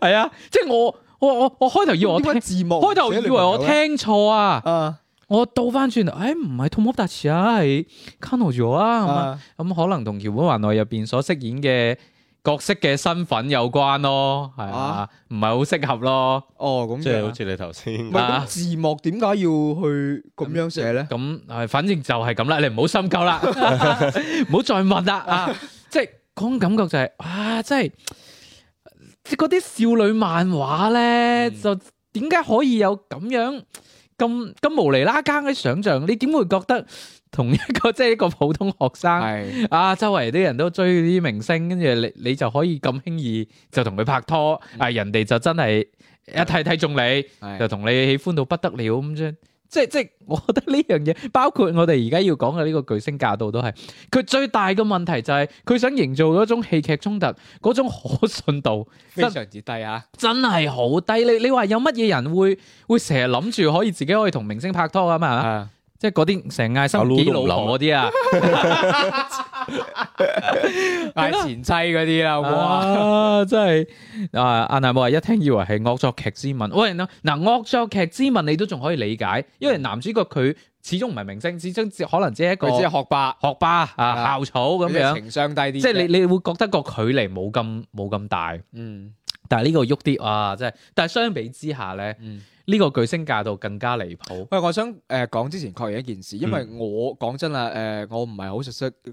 係 啊，即係我我我我開頭以為我聽字幕我開頭以為我聽錯啊！我倒翻轉頭，誒唔係 Tomodachi 啊，係、哎、Kanojo 啊，咁、啊嗯、可能同橋本環奈入邊所飾演嘅。角色嘅身份有關咯，係啊，唔係好適合咯。哦，咁即係好似你頭先。唔、啊、字幕點解要去咁樣寫咧？咁誒、嗯嗯嗯，反正就係咁啦，你唔好深究啦，唔好 再問啦啊！ 即係嗰種感覺就係、是、啊，真係，即係嗰啲少女漫畫咧，嗯、就點解可以有咁樣咁咁無厘啦更嘅想象？你點會覺得？同一個即係一個普通學生，是啊，周圍啲人都追啲明星，跟住你你就可以咁輕易就同佢拍拖，啊、嗯，人哋就真係一睇睇中你，是就同你喜歡到不得了咁啫。即係即係，我覺得呢樣嘢，包括我哋而家要講嘅呢個巨星嫁到都係，佢最大嘅問題就係、是、佢想營造嗰種戲劇衝突，嗰種可信度非常之低啊，真係好低。你你話有乜嘢人會會成日諗住可以自己可以同明星拍拖㗎嘛？即係嗰啲成嗌心機老婆嗰啲啊，嗌 前妻嗰啲啊，哇！真係啊，阿娜姆啊一聽以為係惡作劇之吻。喂，嗱、呃，嗱、呃、惡作劇之吻你都仲可以理解，因為男主角佢始終唔係明星，始終可能只係一個，佢只係學霸、學霸啊校草咁樣，情商低啲，即係你你會覺得個距離冇咁冇咁大。嗯，但係呢個喐啲啊，真係，但係相比之下咧，嗯。呢個巨星嫁到更加離譜。喂，我想誒講之前確認一件事，因為我講真啦，誒我唔係好熟悉嗰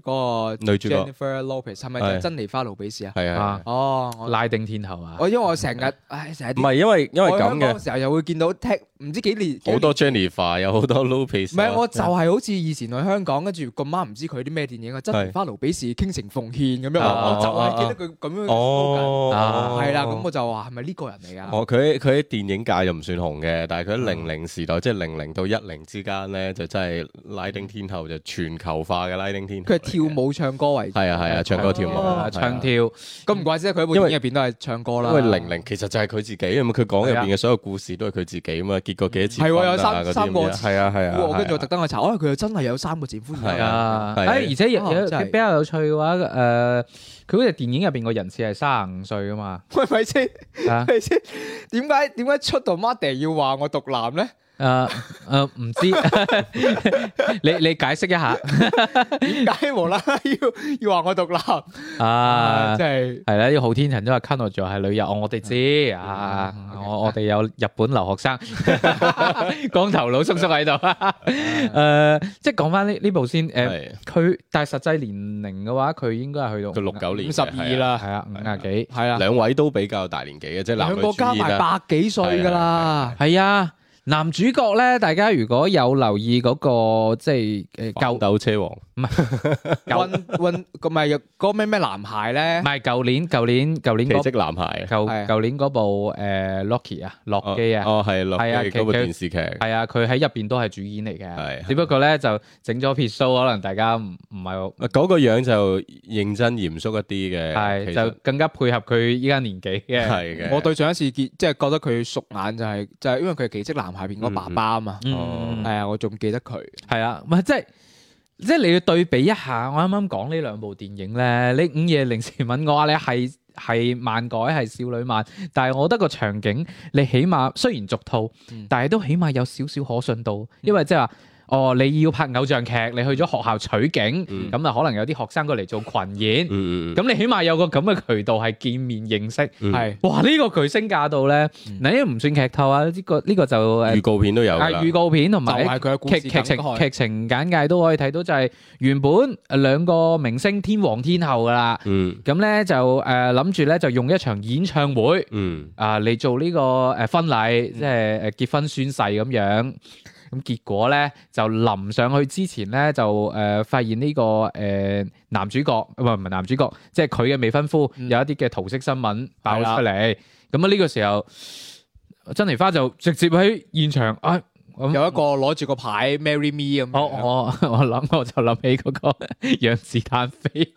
個女主角 Jennifer Lopez 係咪珍妮花奴比斯啊？係啊，哦，拉丁天后啊！我因為我成日，唉，成日唔係因為因為咁嘅時候又會見到聽唔知幾年好多 Jennifer 有好多 Lopez。唔係，我就係好似以前去香港，跟住咁啱唔知佢啲咩電影啊？珍妮花奴比斯傾情奉獻咁樣，我就係記得佢咁樣。哦，係啦，咁我就話係咪呢個人嚟㗎？哦，佢佢喺電影界又唔算紅。嘅，但係佢喺零零時代，即係零零到一零之間咧，就真係拉丁天后就全球化嘅拉丁天后。佢係跳舞唱歌為主啊。啊係啊，唱歌跳舞。唱、啊啊、跳咁唔為、啊、怪之得佢喺電影入邊都係唱歌啦。因為零零其實就係佢自己，佢講入邊嘅所有故事都係佢自己啊嘛。結過幾多次？係、啊、有三類三個。係啊係啊。我跟住我特登去查，啊佢又真係有三個前夫嘅。啊。而且有，有，有比較有趣嘅話，誒、呃，佢好似電影入邊嘅人設係卅五歲啊嘛。喂、嗯，咪先？咪先？點解點解出到媽地要？話我毒男咧？誒誒唔知，你你解釋一下 ，點解無啦啦，要要話我獨立松松 啊，即係係啦，啲好天神都話 Kenzo 係旅遊，我哋知啊，我我哋有日本留學生，光頭佬，叔叔喺度誒，即係講翻呢呢部先，誒、呃，佢但係實際年齡嘅話，佢應該係去到六九年，五十二啦，係啊，五廿幾，係啊，兩、啊啊、位都比較大年紀嘅，即係兩個加埋百幾歲噶啦，係啊。男主角咧，大家如果有留意嗰個即係誒舊鬥車王唔係運運唔係個咩咩男孩咧，唔係舊年舊年舊年奇蹟男孩舊舊年嗰部誒 Loki 啊，洛基啊，哦係洛基啊嗰部電視劇係啊，佢喺入邊都係主演嚟嘅，只不過咧就整咗撇 show，可能大家唔唔係嗰個樣就認真嚴肅一啲嘅，係就更加配合佢依家年紀嘅，我對上一次見即係覺得佢熟眼就係就係因為佢係奇蹟男。下邊個爸爸啊嘛，係啊，我仲記得佢係啊，唔係即係即係你要對比一下，我啱啱講呢兩部電影咧，你午夜零時問我你係係漫改係少女漫，但係我覺得個場景你起碼雖然俗套，但係都起碼有少少可信度，因為即係話。嗯哦，你要拍偶像劇，你去咗學校取景，咁啊可能有啲學生過嚟做群演，咁你起碼有個咁嘅渠道係見面認識，係哇呢個巨星嫁到咧，嗱呢個唔算劇透啊，呢個呢個就誒預告片都有嘅，啊預告片同埋劇劇情劇情簡介都可以睇到，就係原本兩個明星天王天后噶啦，咁咧就誒諗住咧就用一場演唱會，啊嚟做呢個誒婚禮，即係誒結婚宣誓咁樣。咁結果咧就臨上去之前咧就誒、呃、發現呢、這個誒、呃、男主角唔係唔係男主角，即係佢嘅未婚夫、嗯、有一啲嘅桃色新聞爆出嚟，咁啊呢個時候，珍妮花就直接喺現場，啊有一個攞住個牌，Marry me 咁。我我我諗我就諗起嗰個讓子彈飛。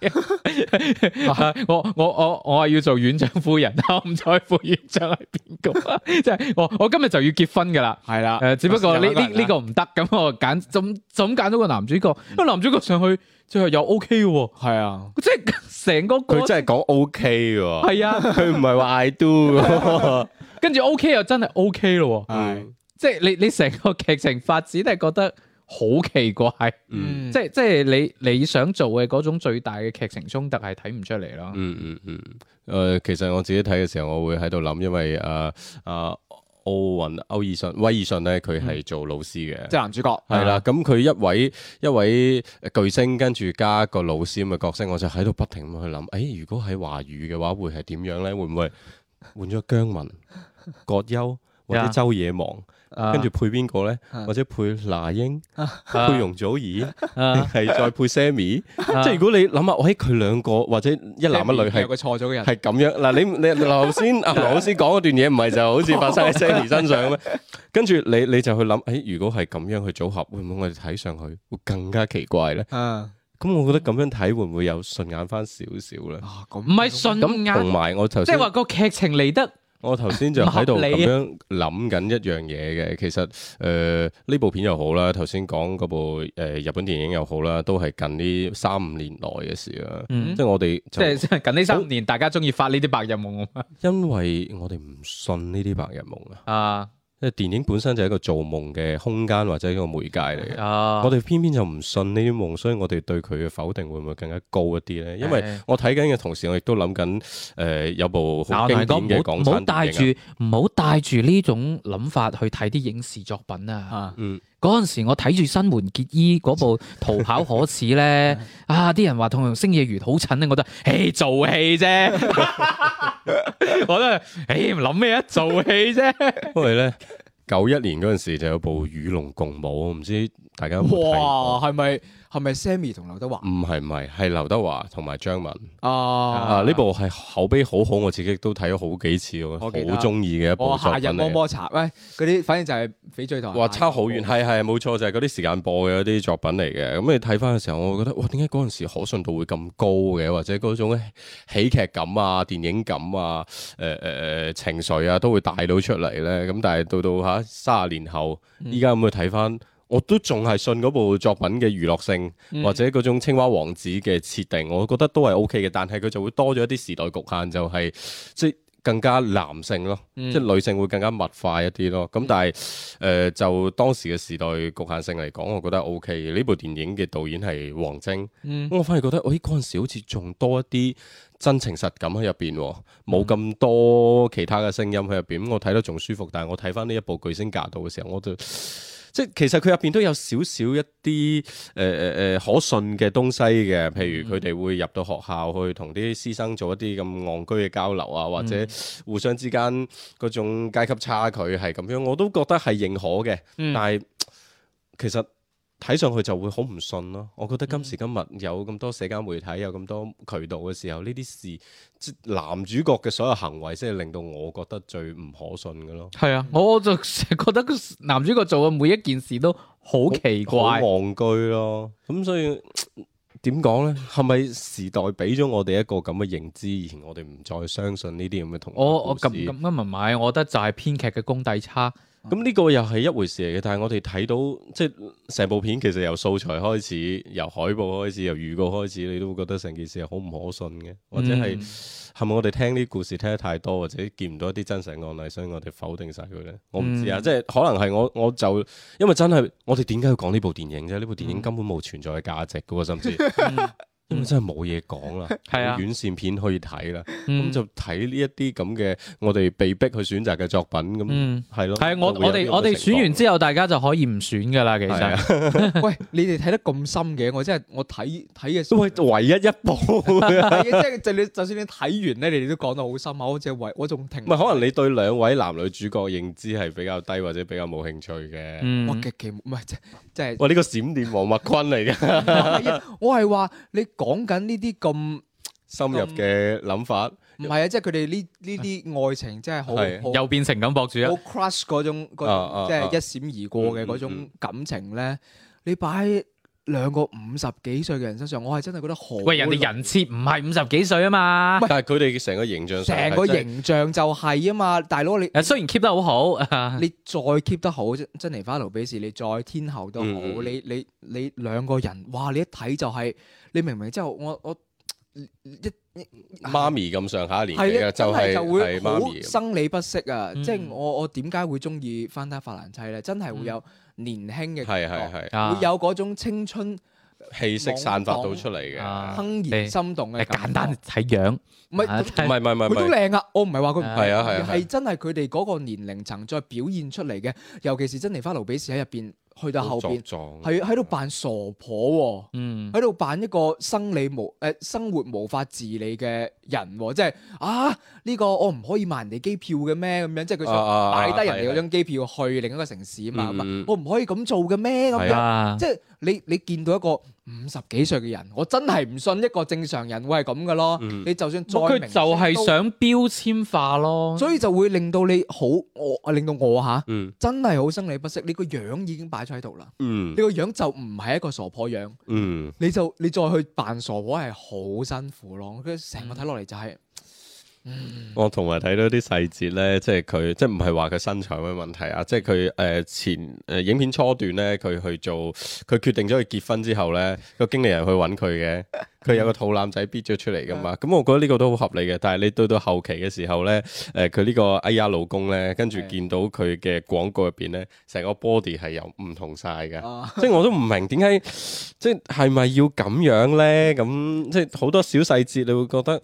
我我我我係要做院長夫人，我唔在乎院長係邊個。即係我我今日就要結婚噶啦，係啦。誒，只不過呢呢呢個唔得，咁我揀就就揀到個男主角？因為男主角上去最後又 OK 喎，係啊，即係成個佢真係講 OK 喎。係啊，佢唔係話 I do，跟住 OK 又真係 OK 咯。係。即係你你成個劇情發展都係覺得好奇怪，嗯、即係即係你你想做嘅嗰種最大嘅劇情衝突係睇唔出嚟咯、嗯。嗯嗯嗯，誒、呃，其實我自己睇嘅時候我會喺度諗，因為誒誒，奧運歐爾遜威爾遜咧，佢係做老師嘅，即係、嗯就是、男主角係啦。咁佢一位一位巨星跟住加個老師咁嘅角色，我就喺度不停咁去諗。誒、欸，如果喺華語嘅話會，會係點樣咧？會唔會換咗姜文、葛優？ 或者周野芒，跟住配邊個咧？或者配那英，配容祖兒，定係再配 Sammy？即係如果你諗下，喺佢兩個或者一男一女係，係咁樣嗱，你你頭先阿羅老師講嗰段嘢，唔係就好似發生喺 Sammy 身上咩？跟住你你就去諗，哎，如果係咁樣去組合，會唔會我哋睇上去會更加奇怪咧？啊，咁我覺得咁樣睇會唔會有順眼翻少少咧？啊，咁唔係順眼咁，同埋我頭先即係話個劇情嚟得。我頭先就喺度咁樣諗緊一樣嘢嘅，其實誒呢、呃、部片又好啦，頭先講嗰部誒、呃、日本電影又好啦，都係近呢三五年內嘅事啦，嗯、即係我哋即係近呢三五年大家中意發呢啲白日夢、嗯、因為我哋唔信呢啲白日夢啊。即係電影本身就係一個造夢嘅空間或者一個媒介嚟嘅，啊、我哋偏偏就唔信呢啲夢，所以我哋對佢嘅否定會唔會更加高一啲咧？因為我睇緊嘅同時，我亦都諗緊，誒、呃，有部好經典嘅港產電影，唔好帶住，唔好帶住呢種諗法去睇啲影視作品啊！啊嗯。嗰陣時我睇住新垣結衣嗰部逃跑可恥咧， 啊啲人話同星野源好襯啊，我覺得，誒做戲啫，我都係，誒諗咩啊，做戲啫。因為咧九一年嗰陣時就有部與龍共舞，唔知。大家有冇哇？係咪係咪 Sammy 同劉德華？唔係唔係，係劉德華同埋張文啊！呢、啊、部係口碑好好，我自己都睇咗好幾次，好中意嘅一部作品嚟嘅。夏、哦、日麼麼茶喂，嗰、啊、啲反正就係翡翠台哇，差好遠，係係冇錯，就係嗰啲時間播嘅一啲作品嚟嘅。咁、嗯、你睇翻嘅時候，我覺得哇，點解嗰陣時可信度會咁高嘅？或者嗰種喜劇感啊、電影感啊、誒誒誒情緒啊，都會帶、嗯、到出嚟咧。咁但係到到吓三十年後，依家咁去睇翻。我都仲係信嗰部作品嘅娛樂性，或者嗰種青蛙王子嘅設定，我覺得都係 O K 嘅。但係佢就會多咗一啲時代局限，就係、是、即係更加男性咯，嗯、即係女性會更加物化一啲咯。咁但係誒、嗯呃，就當時嘅時代局限性嚟講，我覺得 O、OK、K。呢部電影嘅導演係王晶，咁、嗯、我反而覺得，誒嗰陣時好似仲多一啲真情實感喺入邊，冇咁多其他嘅聲音喺入邊，我睇得仲舒服。但係我睇翻呢一部巨星嫁到嘅時候，我就。即係其實佢入邊都有少少一啲誒誒誒可信嘅東西嘅，譬如佢哋會入到學校去同啲師生做一啲咁戇居嘅交流啊，或者互相之間嗰種階級差距係咁樣，我都覺得係認可嘅。嗯、但係其實。睇上去就會好唔信咯、啊。我覺得今時今日有咁多社交媒體，有咁多渠道嘅時候，呢啲事即男主角嘅所有行為，先係令到我覺得最唔可信嘅咯。係啊，我就覺得男主角做嘅每一件事都好奇怪，戇居咯。咁所以點講呢？係咪時代俾咗我哋一個咁嘅認知，以前我哋唔再相信呢啲咁嘅同我？我我咁咁啱唔啱？我覺得就係編劇嘅功底差。咁呢個又係一回事嚟嘅，但係我哋睇到即係成部片其實由素材開始，由海報開始，由預告開始，你都會覺得成件事係好唔可信嘅，或者係係咪我哋聽啲故事聽得太多，或者見唔到一啲真實案例，所以我哋否定晒佢呢？我唔知啊，嗯、即係可能係我我就因為真係我哋點解要講呢部電影啫？呢部電影根本冇存在嘅價值嘅喎，甚至。嗯 因為真係冇嘢講啦，係啊，院線片可以睇啦，咁就睇呢一啲咁嘅我哋被逼去選擇嘅作品，咁係咯。係啊，我我哋我哋選完之後，大家就可以唔選噶啦。其實，喂，你哋睇得咁深嘅，我真係我睇睇嘅都係唯一一部，即係就算你睇完咧，你哋都講得好深啊，好似為我仲聽。唔係，可能你對兩位男女主角認知係比較低，或者比較冇興趣嘅。我極極唔係，即係我呢個閃電王麥坤嚟嘅。我係話你。講緊呢啲咁深入嘅諗法，唔係啊！即係佢哋呢呢啲愛情真係好是很又變成咁博主，啊！好 crush 嗰種，即係一閃而過嘅嗰種感情咧，嗯嗯嗯、你擺兩個五十幾歲嘅人身上，我係真係覺得好。喂，人哋人設唔係五十幾歲啊嘛。但係佢哋成個形象，成個形象就係啊嘛，是大佬你。雖然 keep 得好好， 你再 keep 得好，真珍妮花羅比士，你再天后都好。你你你兩個人，哇！你一睇就係、是，你明唔明之、就、後、是，我我一媽咪咁上下年紀啊，就係、是、好生理不適啊。即係、嗯嗯、我我點解會中意翻翻法蘭西咧？真係會有。年輕嘅係係係，是是是會有嗰種青春、啊、絡氣息散發到出嚟嘅，怦、啊、然心動嘅，簡單睇樣。唔係唔係唔係唔係，佢都靚啊！啊，我唔係話佢唔靚，係、啊啊、真係佢哋嗰個年齡層再表現出嚟嘅，尤其是珍妮花奴比士喺入邊去到後邊，係喺度扮傻婆、哦，嗯，喺度扮一個生理無誒生活無法自理嘅人、哦，即係啊呢、呢個我唔可以賣人哋機票嘅咩咁樣？即係佢想擺低人哋嗰張機票去另一個城市啊嘛，我唔可以咁做嘅咩咁樣？啊、即係你你，你見到一個。五十幾歲嘅人，我真係唔信一個正常人會係咁嘅咯。嗯、你就算再佢就係想標籤化咯，所以就會令到你好，我令到我嚇，啊嗯、真係好生理不適。你個樣已經擺咗喺度啦，嗯、你個樣就唔係一個傻婆樣，嗯、你就你再去扮傻婆係好辛苦咯。佢成個睇落嚟就係、是。嗯、我同埋睇到啲細節咧，即係佢即係唔係話佢身材嘅問題啊！即係佢誒前誒、呃、影片初段咧，佢去做佢決定咗佢結婚之後咧，個經理人去揾佢嘅，佢有個肚腩仔逼咗出嚟噶嘛？咁、嗯嗯嗯、我覺得呢個都好合理嘅。但係你到到後期嘅時候咧，誒佢呢個哎呀老公咧，跟住見到佢嘅廣告入邊咧，成個 body 係有唔同晒嘅、嗯嗯，即係我都唔明點解，即係係咪要咁樣咧？咁即係好多小細節你會覺得。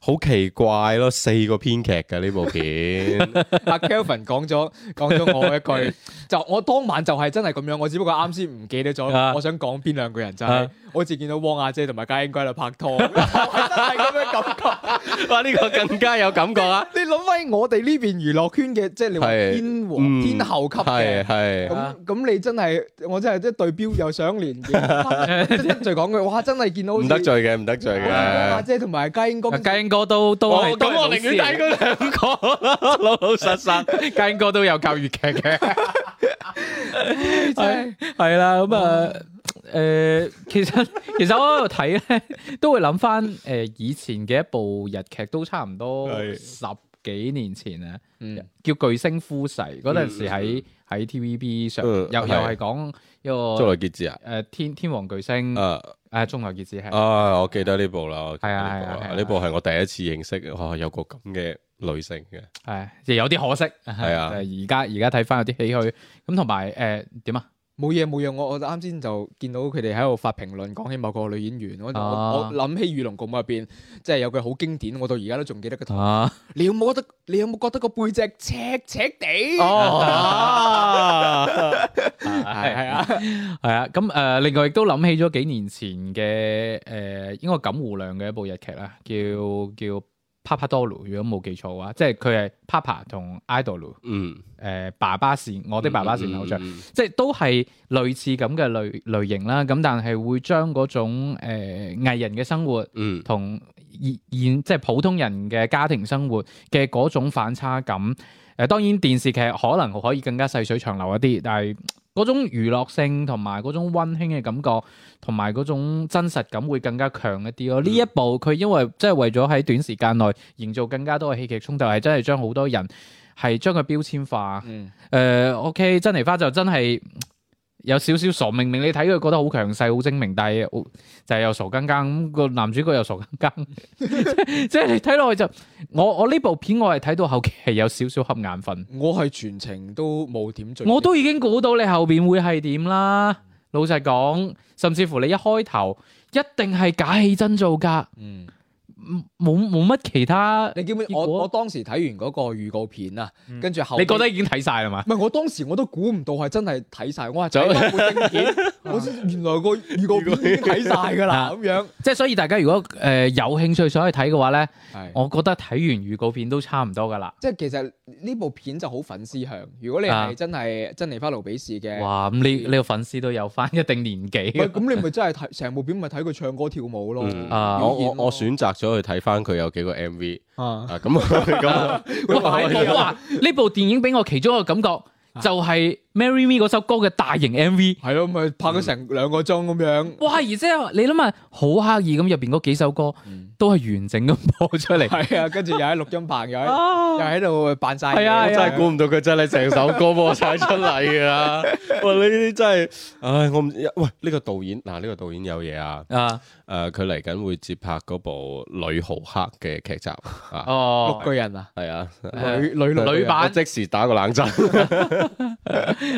好奇怪咯，四個編劇嘅呢部片。阿 Kelvin 講咗講咗我一句，就我當晚就係真係咁樣，我只不過啱先唔記得咗，我想講邊兩個人就係，我似見到汪阿姐同埋嘉英哥喺度拍拖，真係咁嘅感覺。哇，呢個更加有感覺啊！你諗翻我哋呢邊娛樂圈嘅，即係你話天王天后級嘅，係咁咁，你真係我真係一對標又想連，得罪講句，哇，真係見到唔得罪嘅，唔得罪嘅。阿姐同埋嘉英哥。我都都係咁，哦、我寧願睇嗰兩個，老老實實，嘉 哥都有教粵劇嘅，係啦，咁啊，誒，其實其實我喺度睇咧， 都會諗翻誒，以前嘅一部日劇都差唔多十幾年前啊，叫巨星夫婿嗰陣時喺喺 TVB 上，又又係講一個中流傑子啊，誒天天王巨星啊，誒中流傑子係啊，我記得呢部啦，係啊，呢部係我第一次認識，哇，有個咁嘅女星嘅。係，又有啲可惜，係啊，而家而家睇返有啲唏噓，咁同埋誒點啊？冇嘢冇嘢，我我啱先就見到佢哋喺度發評論，講起某個女演員，我我諗起《玉龍國母》入邊，即係有句好經典，我到而家都仲記得佢。你有冇覺得？你有冇覺得個背脊赤赤地？哦，係係啊，係啊，咁誒，另外亦都諗起咗幾年前嘅誒，應該錦戶亮嘅一部日劇啦，叫叫。Papadol 如果冇記錯嘅話，即係佢係 Papa 同 idol，嗯，誒、呃、爸爸是我的爸爸、嗯嗯嗯、是偶像，即係都係類似咁嘅類類型啦。咁但係會將嗰種誒、呃、藝人嘅生活，嗯，同現現即係普通人嘅家庭生活嘅嗰種反差感。誒、呃、當然電視劇可能可以更加細水長流一啲，但係。嗰種娛樂性同埋嗰種溫馨嘅感覺，同埋嗰種真實感會更加強一啲咯。呢、嗯、一部佢因為即係為咗喺短時間內營造更加多嘅戲劇衝突，係真係將好多人係將佢標籤化。嗯，誒，OK，珍妮花就真係。有少少傻，明明你睇佢覺得好強勢、好精明，但係就係又傻更更咁。個男主角又傻更更，即係你睇落去就，我我呢部片我係睇到後期有少少瞌眼瞓。我係全程都冇點做。我都已經估到你後邊會係點啦。嗯、老實講，甚至乎你一開頭一定係假戲真做㗎。嗯冇冇乜其他，你記唔記得我我當時睇完嗰個預告片啊，跟住後面你覺得已經睇晒啦嘛？唔係我當時我都估唔到係真係睇晒，我話睇翻部影片，我知原來個預告片睇晒噶啦咁樣。即係所以大家如果誒有興趣想去睇嘅話咧，我覺得睇完預告片都差唔多噶啦。即係其實呢部片就好粉絲向，如果你係真係珍妮花勞比士嘅，哇咁你你個粉絲都有翻一定年紀。咁你咪真係睇成部片咪睇佢唱歌跳舞咯。啊，我我選擇咗。去睇翻佢有幾個 MV 啊，咁咁哇！呢部電影俾我其中一個感覺就係、是。啊 Marry Me 嗰首歌嘅大型 MV 係咯，咪拍咗成兩個鐘咁樣。哇！而即係你諗下，好刻意咁入邊嗰幾首歌都係完整咁播出嚟。係啊，跟住又喺錄音棚，又喺又喺度扮晒。係啊，真係估唔到佢真係成首歌播晒出嚟噶。哇！呢啲真係，唉，我唔知，喂呢個導演嗱，呢個導演有嘢啊。啊，誒，佢嚟緊會接拍嗰部女豪客嘅劇集啊。哦，巨人啊。係啊，女女即時打個冷震。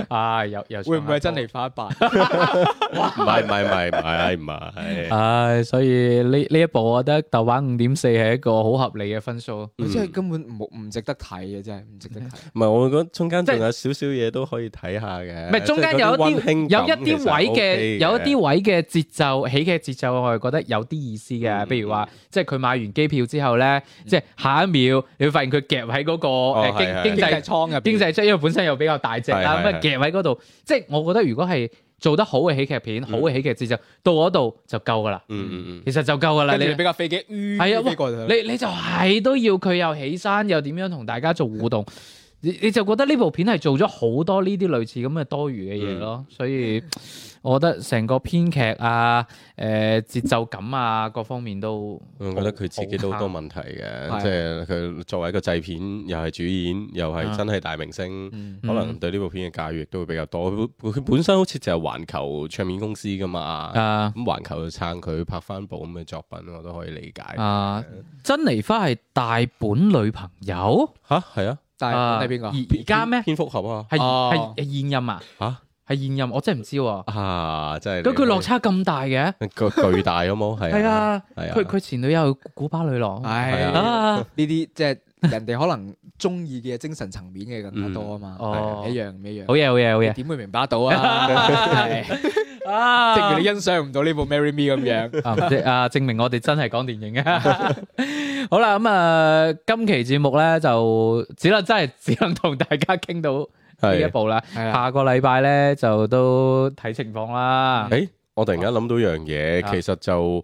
啊，又又會唔會真係花一百？唔係唔係唔係唔係，唔係。唉，所以呢呢一部我覺得豆瓣五點四係一個好合理嘅分數。佢真係根本冇唔值得睇嘅，真係唔值得睇。唔係，我覺得中間仲有少少嘢都可以睇下嘅。唔係，中間有一啲有一啲位嘅有一啲位嘅節奏喜劇節奏，我係覺得有啲意思嘅。譬如話，即係佢買完機票之後咧，即係下一秒，你會發現佢夾喺嗰個誒經經濟艙入面經濟艙，因為本身又比較大隻啦。夾喺嗰度，即係我覺得如果係做得好嘅喜劇片，嗯、好嘅喜劇節奏到嗰度就夠噶啦。嗯嗯嗯，其實就夠噶啦。你哋比較飛機，係啊呢呀，你你就係都要佢又起身又點樣同大家做互動。你就覺得呢部片係做咗好多呢啲類似咁嘅多餘嘅嘢咯，嗯、所以我覺得成個編劇啊、誒、呃、節奏感啊各方面都我、嗯、覺得佢自己都好多問題嘅，即係佢作為一個製片又係主演又係真係大明星，啊嗯、可能對呢部片嘅介入都會比較多。佢、嗯、本身好似就係環球唱片公司噶嘛啊，咁環球撐佢拍翻部咁嘅作品，我都可以理解啊。珍妮花係大本女朋友吓？係啊！但係邊個而而家咩？呃、蝙蝠俠啊，係係是、啊、現任啊？吓、啊，係現任？我真係唔知喎、啊。吓、啊，真係。咁佢落差咁大嘅， 巨大好冇係。係 啊，佢佢、啊啊、前女友古巴女郎。係、哎、呀啊，呢啲即係。 人哋可能中意嘅精神層面嘅更加多啊嘛，嗯，一樣唔一樣？好嘢，哦，好嘢，好嘢！點會明白到啊？啊，即係你欣賞唔到呢部《Marry Me》咁樣啊？啊，證明我哋真係講電影啊！ 好啦，咁啊，今期節目咧就只能真係只能同大家傾到一步，啊，呢一部啦。下個禮拜咧就都睇情況啦。誒，欸，我突然間諗到一樣嘢，啊，其實就。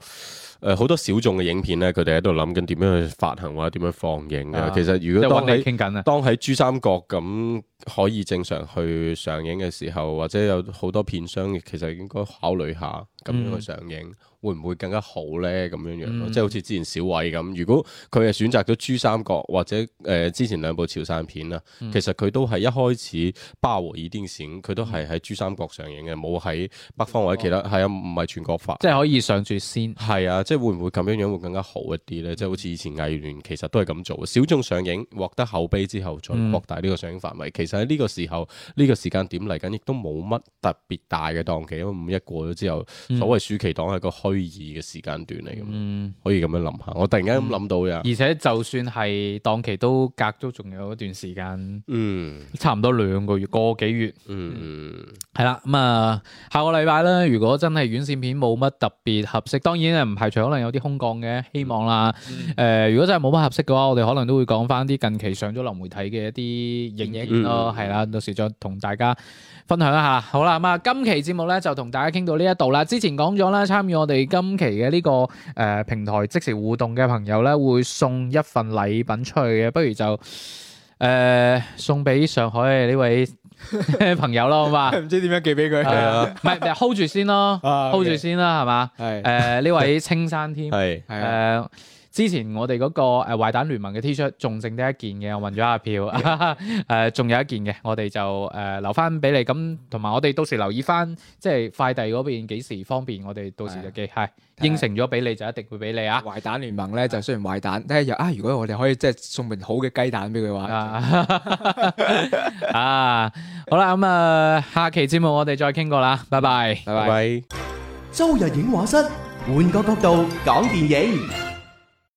誒好、呃、多小眾嘅影片咧，佢哋喺度諗緊點樣去發行或者點樣放映嘅。啊、其實如果當喺、啊就是啊、當喺珠三角咁可以正常去上映嘅時候，或者有好多片商其實應該考慮下咁樣去上映。嗯會唔會更加好呢？咁樣樣咯，嗯、即係好似之前小偉咁，如果佢係選擇咗珠三角或者誒、呃、之前兩部潮汕片啊，嗯、其實佢都係一開始巴和爾電線，佢都係喺珠三角上映嘅，冇喺北方或者其他係啊，唔係、哦、全國化，即係可以上住先係啊，即係會唔會咁樣樣會更加好一啲呢？嗯、即係好似以前藝聯，其實都係咁做，小眾上映獲得口碑之後再擴大呢個上映範圍。其實喺呢個時候呢、呢個時間點嚟緊，亦都冇乜特別大嘅檔期，因為五一過咗之後，所謂暑期檔係、嗰個。虛擬嘅時間段嚟嘅，可以咁樣諗下。嗯、我突然間咁諗到呀、嗯。而且就算係檔期都隔咗仲有一段時間，嗯，差唔多兩個月、個幾月嗯嗯，嗯，係啦。咁啊，下個禮拜咧，如果真係院線片冇乜特別合適，當然咧唔排除可能有啲空降嘅希望啦。誒、嗯嗯呃，如果真係冇乜合適嘅話，我哋可能都會講返啲近期上咗流媒體嘅一啲影影片咯，係啦、嗯嗯嗯嗯，到時再同大家，分享一下，好啦，咁啊，今期節目咧就同大家傾到呢一度啦。之前講咗啦，參與我哋今期嘅呢個誒平台即時互動嘅朋友咧，會送一份禮品出去嘅，不如就誒、呃、送俾上海嘅呢位朋友咯，好嘛？唔 知點樣寄俾佢，係咯、啊？唔係 hold 住先咯，hold 住先啦，係嘛？係誒呢位青山添。係係誒。 啊之前我哋嗰個誒壞蛋聯盟嘅 T 恤仲剩得一件嘅，我問咗下票，誒仲有一件嘅，我哋就誒留翻俾你。咁同埋我哋到時留意翻，即係快遞嗰邊幾時方便，我哋到時就寄。係應承咗俾你就一定會俾你啊！壞蛋聯盟咧就雖然壞蛋，但係又啊，如果我哋可以即係送份好嘅雞蛋俾佢嘅話啊，好啦，咁啊下期節目我哋再傾過啦，拜拜，拜拜。周日映畫室換個角度講電影。